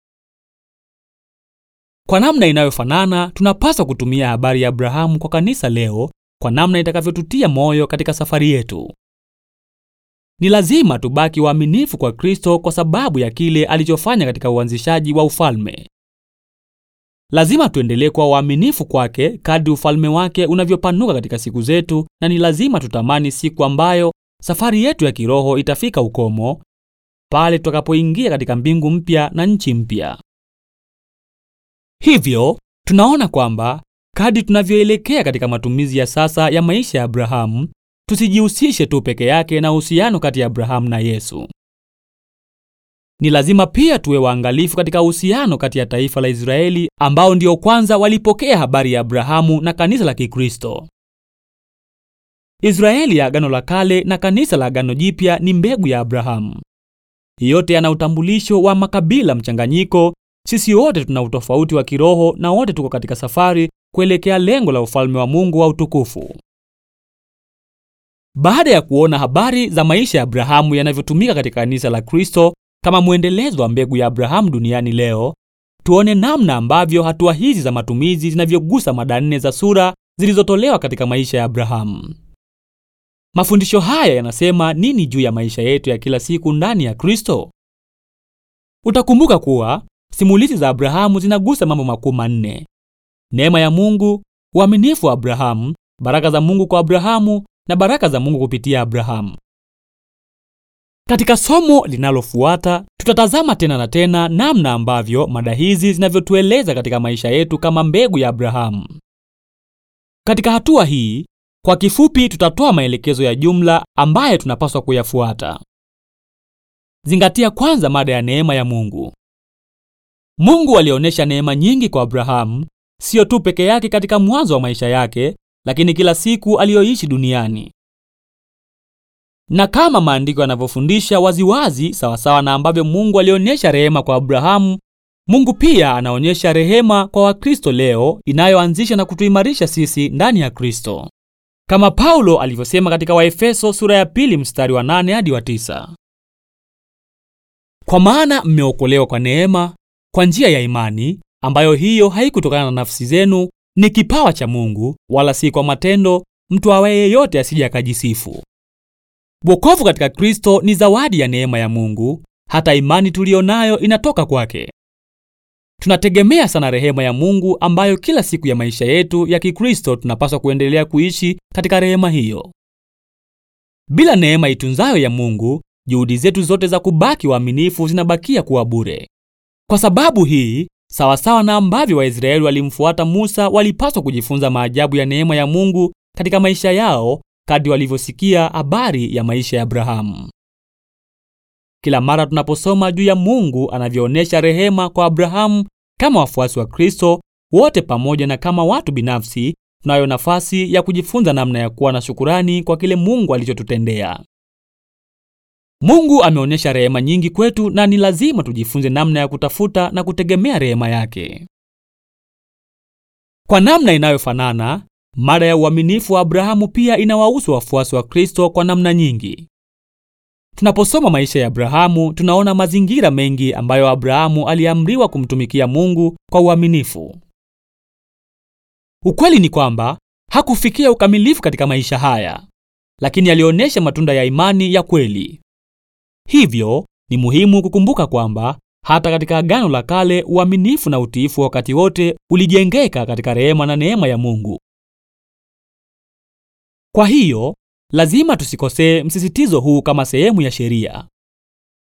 Speaker 1: Kwa namna inayofanana, tunapaswa kutumia habari ya Abrahamu kwa kanisa leo kwa namna itakavyotutia moyo katika safari yetu. Ni lazima tubaki waaminifu kwa Kristo kwa sababu ya kile alichofanya katika uanzishaji wa ufalme. Lazima tuendelee kuwa waaminifu kwake kadri ufalme wake unavyopanuka katika siku zetu, na ni lazima tutamani siku ambayo safari yetu ya kiroho itafika ukomo, pale tutakapoingia katika mbingu mpya na nchi mpya. Hivyo tunaona kwamba kadri tunavyoelekea katika matumizi ya sasa ya maisha ya Abrahamu, tusijihusishe tu peke yake na uhusiano kati ya Abrahamu na Yesu. Ni lazima pia tuwe waangalifu katika uhusiano kati ya taifa la Israeli ambao ndio kwanza walipokea habari ya Abrahamu na kanisa la Kikristo. Israeli ya Agano la Kale na kanisa la Agano Jipya ni mbegu ya Abrahamu. Yote yana utambulisho wa makabila mchanganyiko. Sisi wote tuna utofauti wa kiroho na wote tuko katika safari kuelekea lengo la ufalme wa Mungu wa utukufu. Baada ya kuona habari za maisha ya Abrahamu yanavyotumika katika kanisa la Kristo kama mwendelezo wa mbegu ya Abrahamu duniani leo, tuone namna ambavyo hatua hizi za matumizi zinavyogusa mada nne za sura zilizotolewa katika maisha ya Abrahamu. Mafundisho haya yanasema nini juu ya maisha yetu ya kila siku ndani ya Kristo? Utakumbuka kuwa simulizi za Abrahamu zinagusa mambo makuu manne: neema ya Mungu, uaminifu wa Abrahamu, baraka za Mungu kwa Abrahamu, na baraka za Mungu kupitia Abrahamu. Katika somo linalofuata tutatazama tena na tena namna ambavyo mada hizi zinavyotueleza katika maisha yetu kama mbegu ya Abrahamu. Katika hatua hii, kwa kifupi, tutatoa maelekezo ya jumla ambayo tunapaswa kuyafuata. Zingatia kwanza mada ya neema ya Mungu. Mungu alionyesha neema nyingi kwa Abrahamu, sio tu peke yake katika mwanzo wa maisha yake, lakini kila siku aliyoishi duniani. Na kama maandiko yanavyofundisha waziwazi, sawasawa na ambavyo Mungu alionyesha rehema kwa Abrahamu, Mungu pia anaonyesha rehema kwa Wakristo leo, inayoanzisha na kutuimarisha sisi ndani ya Kristo, kama Paulo alivyosema katika Waefeso sura ya pili mstari wa nane hadi wa tisa kwa maana mmeokolewa kwa neema, kwa njia ya imani, ambayo hiyo haikutokana na nafsi zenu, ni kipawa cha Mungu wala si kwa matendo, mtu awaye yeyote asije akajisifu. Wokovu katika Kristo ni zawadi ya neema ya Mungu, hata imani tuliyo nayo inatoka kwake. Tunategemea sana rehema ya Mungu ambayo kila siku ya maisha yetu ya Kikristo tunapaswa kuendelea kuishi katika rehema hiyo. Bila neema itunzayo ya Mungu, juhudi zetu zote za kubaki waaminifu zinabakia kuwa bure. Kwa sababu hii, Sawasawa na ambavyo Waisraeli walimfuata Musa, walipaswa kujifunza maajabu ya neema ya Mungu katika maisha yao kadri walivyosikia habari ya maisha ya Abrahamu. Kila mara tunaposoma juu ya Mungu anavyoonyesha rehema kwa Abrahamu, kama wafuasi wa Kristo wote pamoja na kama watu binafsi, tunayo nafasi ya kujifunza namna ya kuwa na shukurani kwa kile Mungu alichotutendea. Mungu ameonyesha rehema nyingi kwetu na ni lazima tujifunze namna ya kutafuta na kutegemea rehema yake. Kwa namna inayofanana, mara ya uaminifu wa Abrahamu pia inawahusu wafuasi wa Kristo kwa namna nyingi. Tunaposoma maisha ya Abrahamu, tunaona mazingira mengi ambayo Abrahamu aliamriwa kumtumikia Mungu kwa uaminifu. Ukweli ni kwamba hakufikia ukamilifu katika maisha haya, lakini alionyesha matunda ya imani ya kweli. Hivyo ni muhimu kukumbuka kwamba hata katika Agano la Kale uaminifu na utiifu wakati wote ulijengeka katika rehema na neema ya Mungu. Kwa hiyo lazima tusikosee msisitizo huu kama sehemu ya sheria.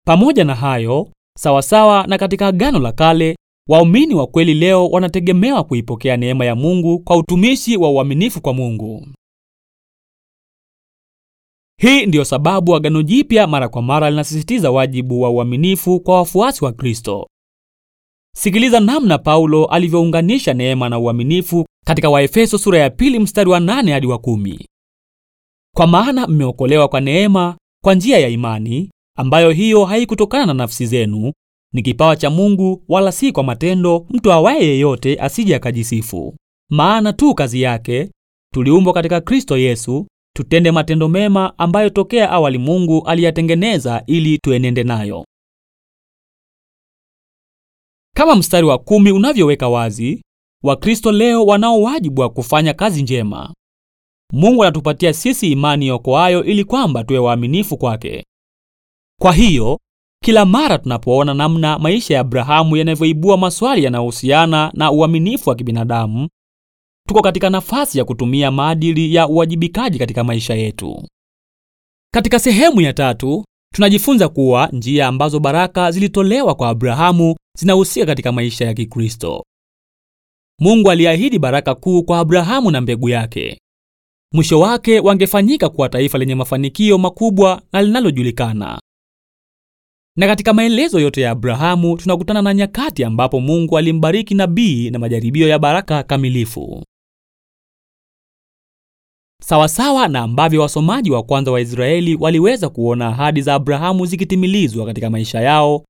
Speaker 1: Pamoja na hayo, sawasawa na katika Agano la Kale, waumini wa kweli leo wanategemewa kuipokea neema ya Mungu kwa utumishi wa uaminifu kwa Mungu. Hii ndiyo sababu Agano Jipya mara kwa mara linasisitiza wajibu wa uaminifu kwa wafuasi wa Kristo. Sikiliza namna Paulo alivyounganisha neema na uaminifu katika Waefeso sura ya pili mstari wa nane hadi wa kumi. Kwa maana mmeokolewa kwa neema kwa njia ya imani, ambayo hiyo haikutokana na nafsi zenu, ni kipawa cha Mungu, wala si kwa matendo, mtu awaye yeyote asije akajisifu. Maana tu kazi yake, tuliumbwa katika Kristo Yesu tutende matendo mema ambayo tokea awali Mungu aliyatengeneza ili tuenende nayo. Kama mstari wa kumi unavyoweka wazi, Wakristo leo wanao wajibu wa kufanya kazi njema. Mungu anatupatia sisi imani iokoayo ili kwamba tuwe waaminifu kwake. Kwa hiyo kila mara tunapoona namna maisha ya Abrahamu yanavyoibua maswali yanayohusiana na uaminifu wa kibinadamu, tuko katika nafasi ya kutumia maadili ya uwajibikaji katika maisha yetu. Katika sehemu ya tatu, tunajifunza kuwa njia ambazo baraka zilitolewa kwa Abrahamu zinahusika katika maisha ya Kikristo. Mungu aliahidi baraka kuu kwa Abrahamu na mbegu yake. Mwisho wake wangefanyika kuwa taifa lenye mafanikio makubwa na linalojulikana. Na katika maelezo yote ya Abrahamu tunakutana na nyakati ambapo Mungu alimbariki nabii na majaribio ya baraka kamilifu. Sawasawa na ambavyo wasomaji wa kwanza wa Israeli waliweza kuona ahadi za Abrahamu zikitimilizwa katika maisha yao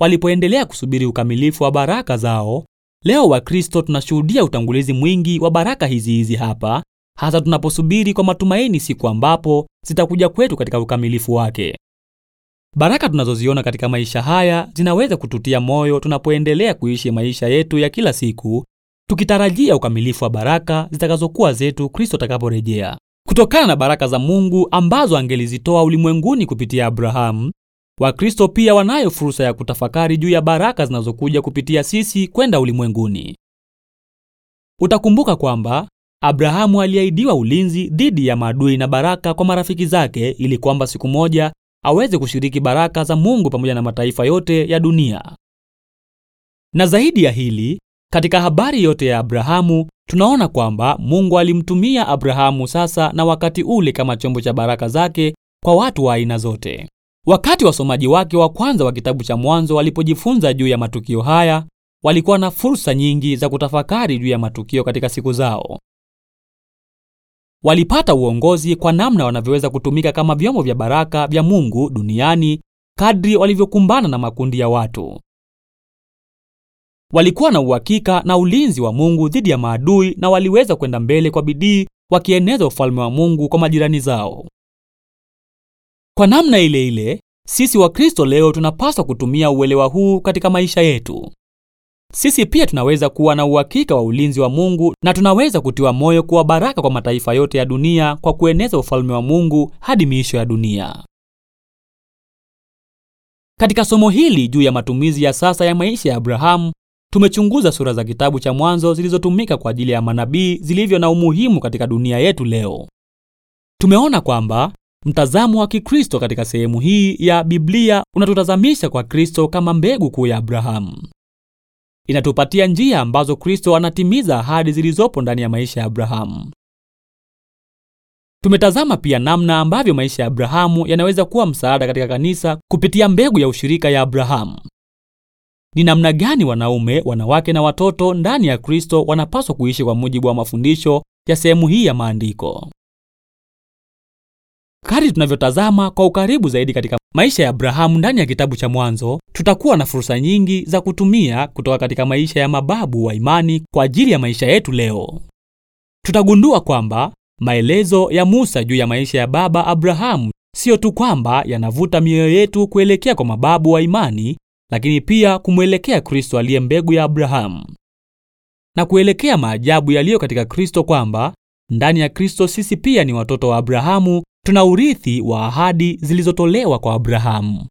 Speaker 1: walipoendelea kusubiri ukamilifu wa baraka zao. Leo Wakristo tunashuhudia utangulizi mwingi wa baraka hizi hizi hapa, hasa tunaposubiri kwa matumaini siku ambapo zitakuja kwetu katika ukamilifu wake. Baraka tunazoziona katika maisha haya zinaweza kututia moyo tunapoendelea kuishi maisha yetu ya kila siku tukitarajia ukamilifu wa baraka zitakazokuwa zetu Kristo atakaporejea. Kutokana na baraka za Mungu ambazo angelizitoa ulimwenguni kupitia Abrahamu, Wakristo pia wanayo fursa ya kutafakari juu ya baraka zinazokuja kupitia sisi kwenda ulimwenguni. Utakumbuka kwamba Abrahamu aliahidiwa ulinzi dhidi ya maadui na baraka kwa marafiki zake ili kwamba siku moja aweze kushiriki baraka za Mungu pamoja na mataifa yote ya dunia. Na zaidi ya hili, katika habari yote ya Abrahamu tunaona kwamba Mungu alimtumia Abrahamu sasa na wakati ule kama chombo cha baraka zake kwa watu wa aina zote. Wakati wasomaji wake wa kwanza wa kitabu cha Mwanzo walipojifunza juu ya matukio haya, walikuwa na fursa nyingi za kutafakari juu ya matukio katika siku zao. Walipata uongozi kwa namna wanavyoweza kutumika kama vyombo vya baraka vya Mungu duniani kadri walivyokumbana na makundi ya watu. Walikuwa na uhakika na ulinzi wa Mungu dhidi ya maadui na waliweza kwenda mbele kwa bidii wakieneza ufalme wa Mungu kwa majirani zao. Kwa namna ile ile, sisi Wakristo leo tunapaswa kutumia uelewa huu katika maisha yetu. Sisi pia tunaweza kuwa na uhakika wa ulinzi wa Mungu na tunaweza kutiwa moyo kuwa baraka kwa mataifa yote ya dunia kwa kueneza ufalme wa Mungu hadi miisho ya dunia. Katika somo hili juu ya matumizi ya sasa ya maisha ya Abrahamu, Tumechunguza sura za kitabu cha Mwanzo zilizotumika kwa ajili ya manabii zilivyo na umuhimu katika dunia yetu leo. Tumeona kwamba mtazamo wa Kikristo katika sehemu hii ya Biblia unatutazamisha kwa Kristo kama mbegu kuu ya Abrahamu. Inatupatia njia ambazo Kristo anatimiza ahadi zilizopo ndani ya maisha ya Abrahamu. Tumetazama pia namna ambavyo maisha ya Abrahamu yanaweza kuwa msaada katika kanisa kupitia mbegu ya ushirika ya Abrahamu. Ni namna gani wanaume, wanawake na watoto ndani ya Kristo wanapaswa kuishi kwa mujibu wa mafundisho ya sehemu hii ya maandiko. Kadri tunavyotazama kwa ukaribu zaidi katika maisha ya Abrahamu ndani ya kitabu cha Mwanzo, tutakuwa na fursa nyingi za kutumia kutoka katika maisha ya mababu wa imani kwa ajili ya maisha yetu leo. Tutagundua kwamba maelezo ya Musa juu ya maisha ya baba Abrahamu siyo tu kwamba yanavuta mioyo yetu kuelekea kwa mababu wa imani, lakini pia kumwelekea Kristo aliye mbegu ya Abrahamu na kuelekea maajabu yaliyo katika Kristo, kwamba ndani ya Kristo sisi pia ni watoto wa Abrahamu, tuna urithi wa ahadi zilizotolewa kwa Abrahamu.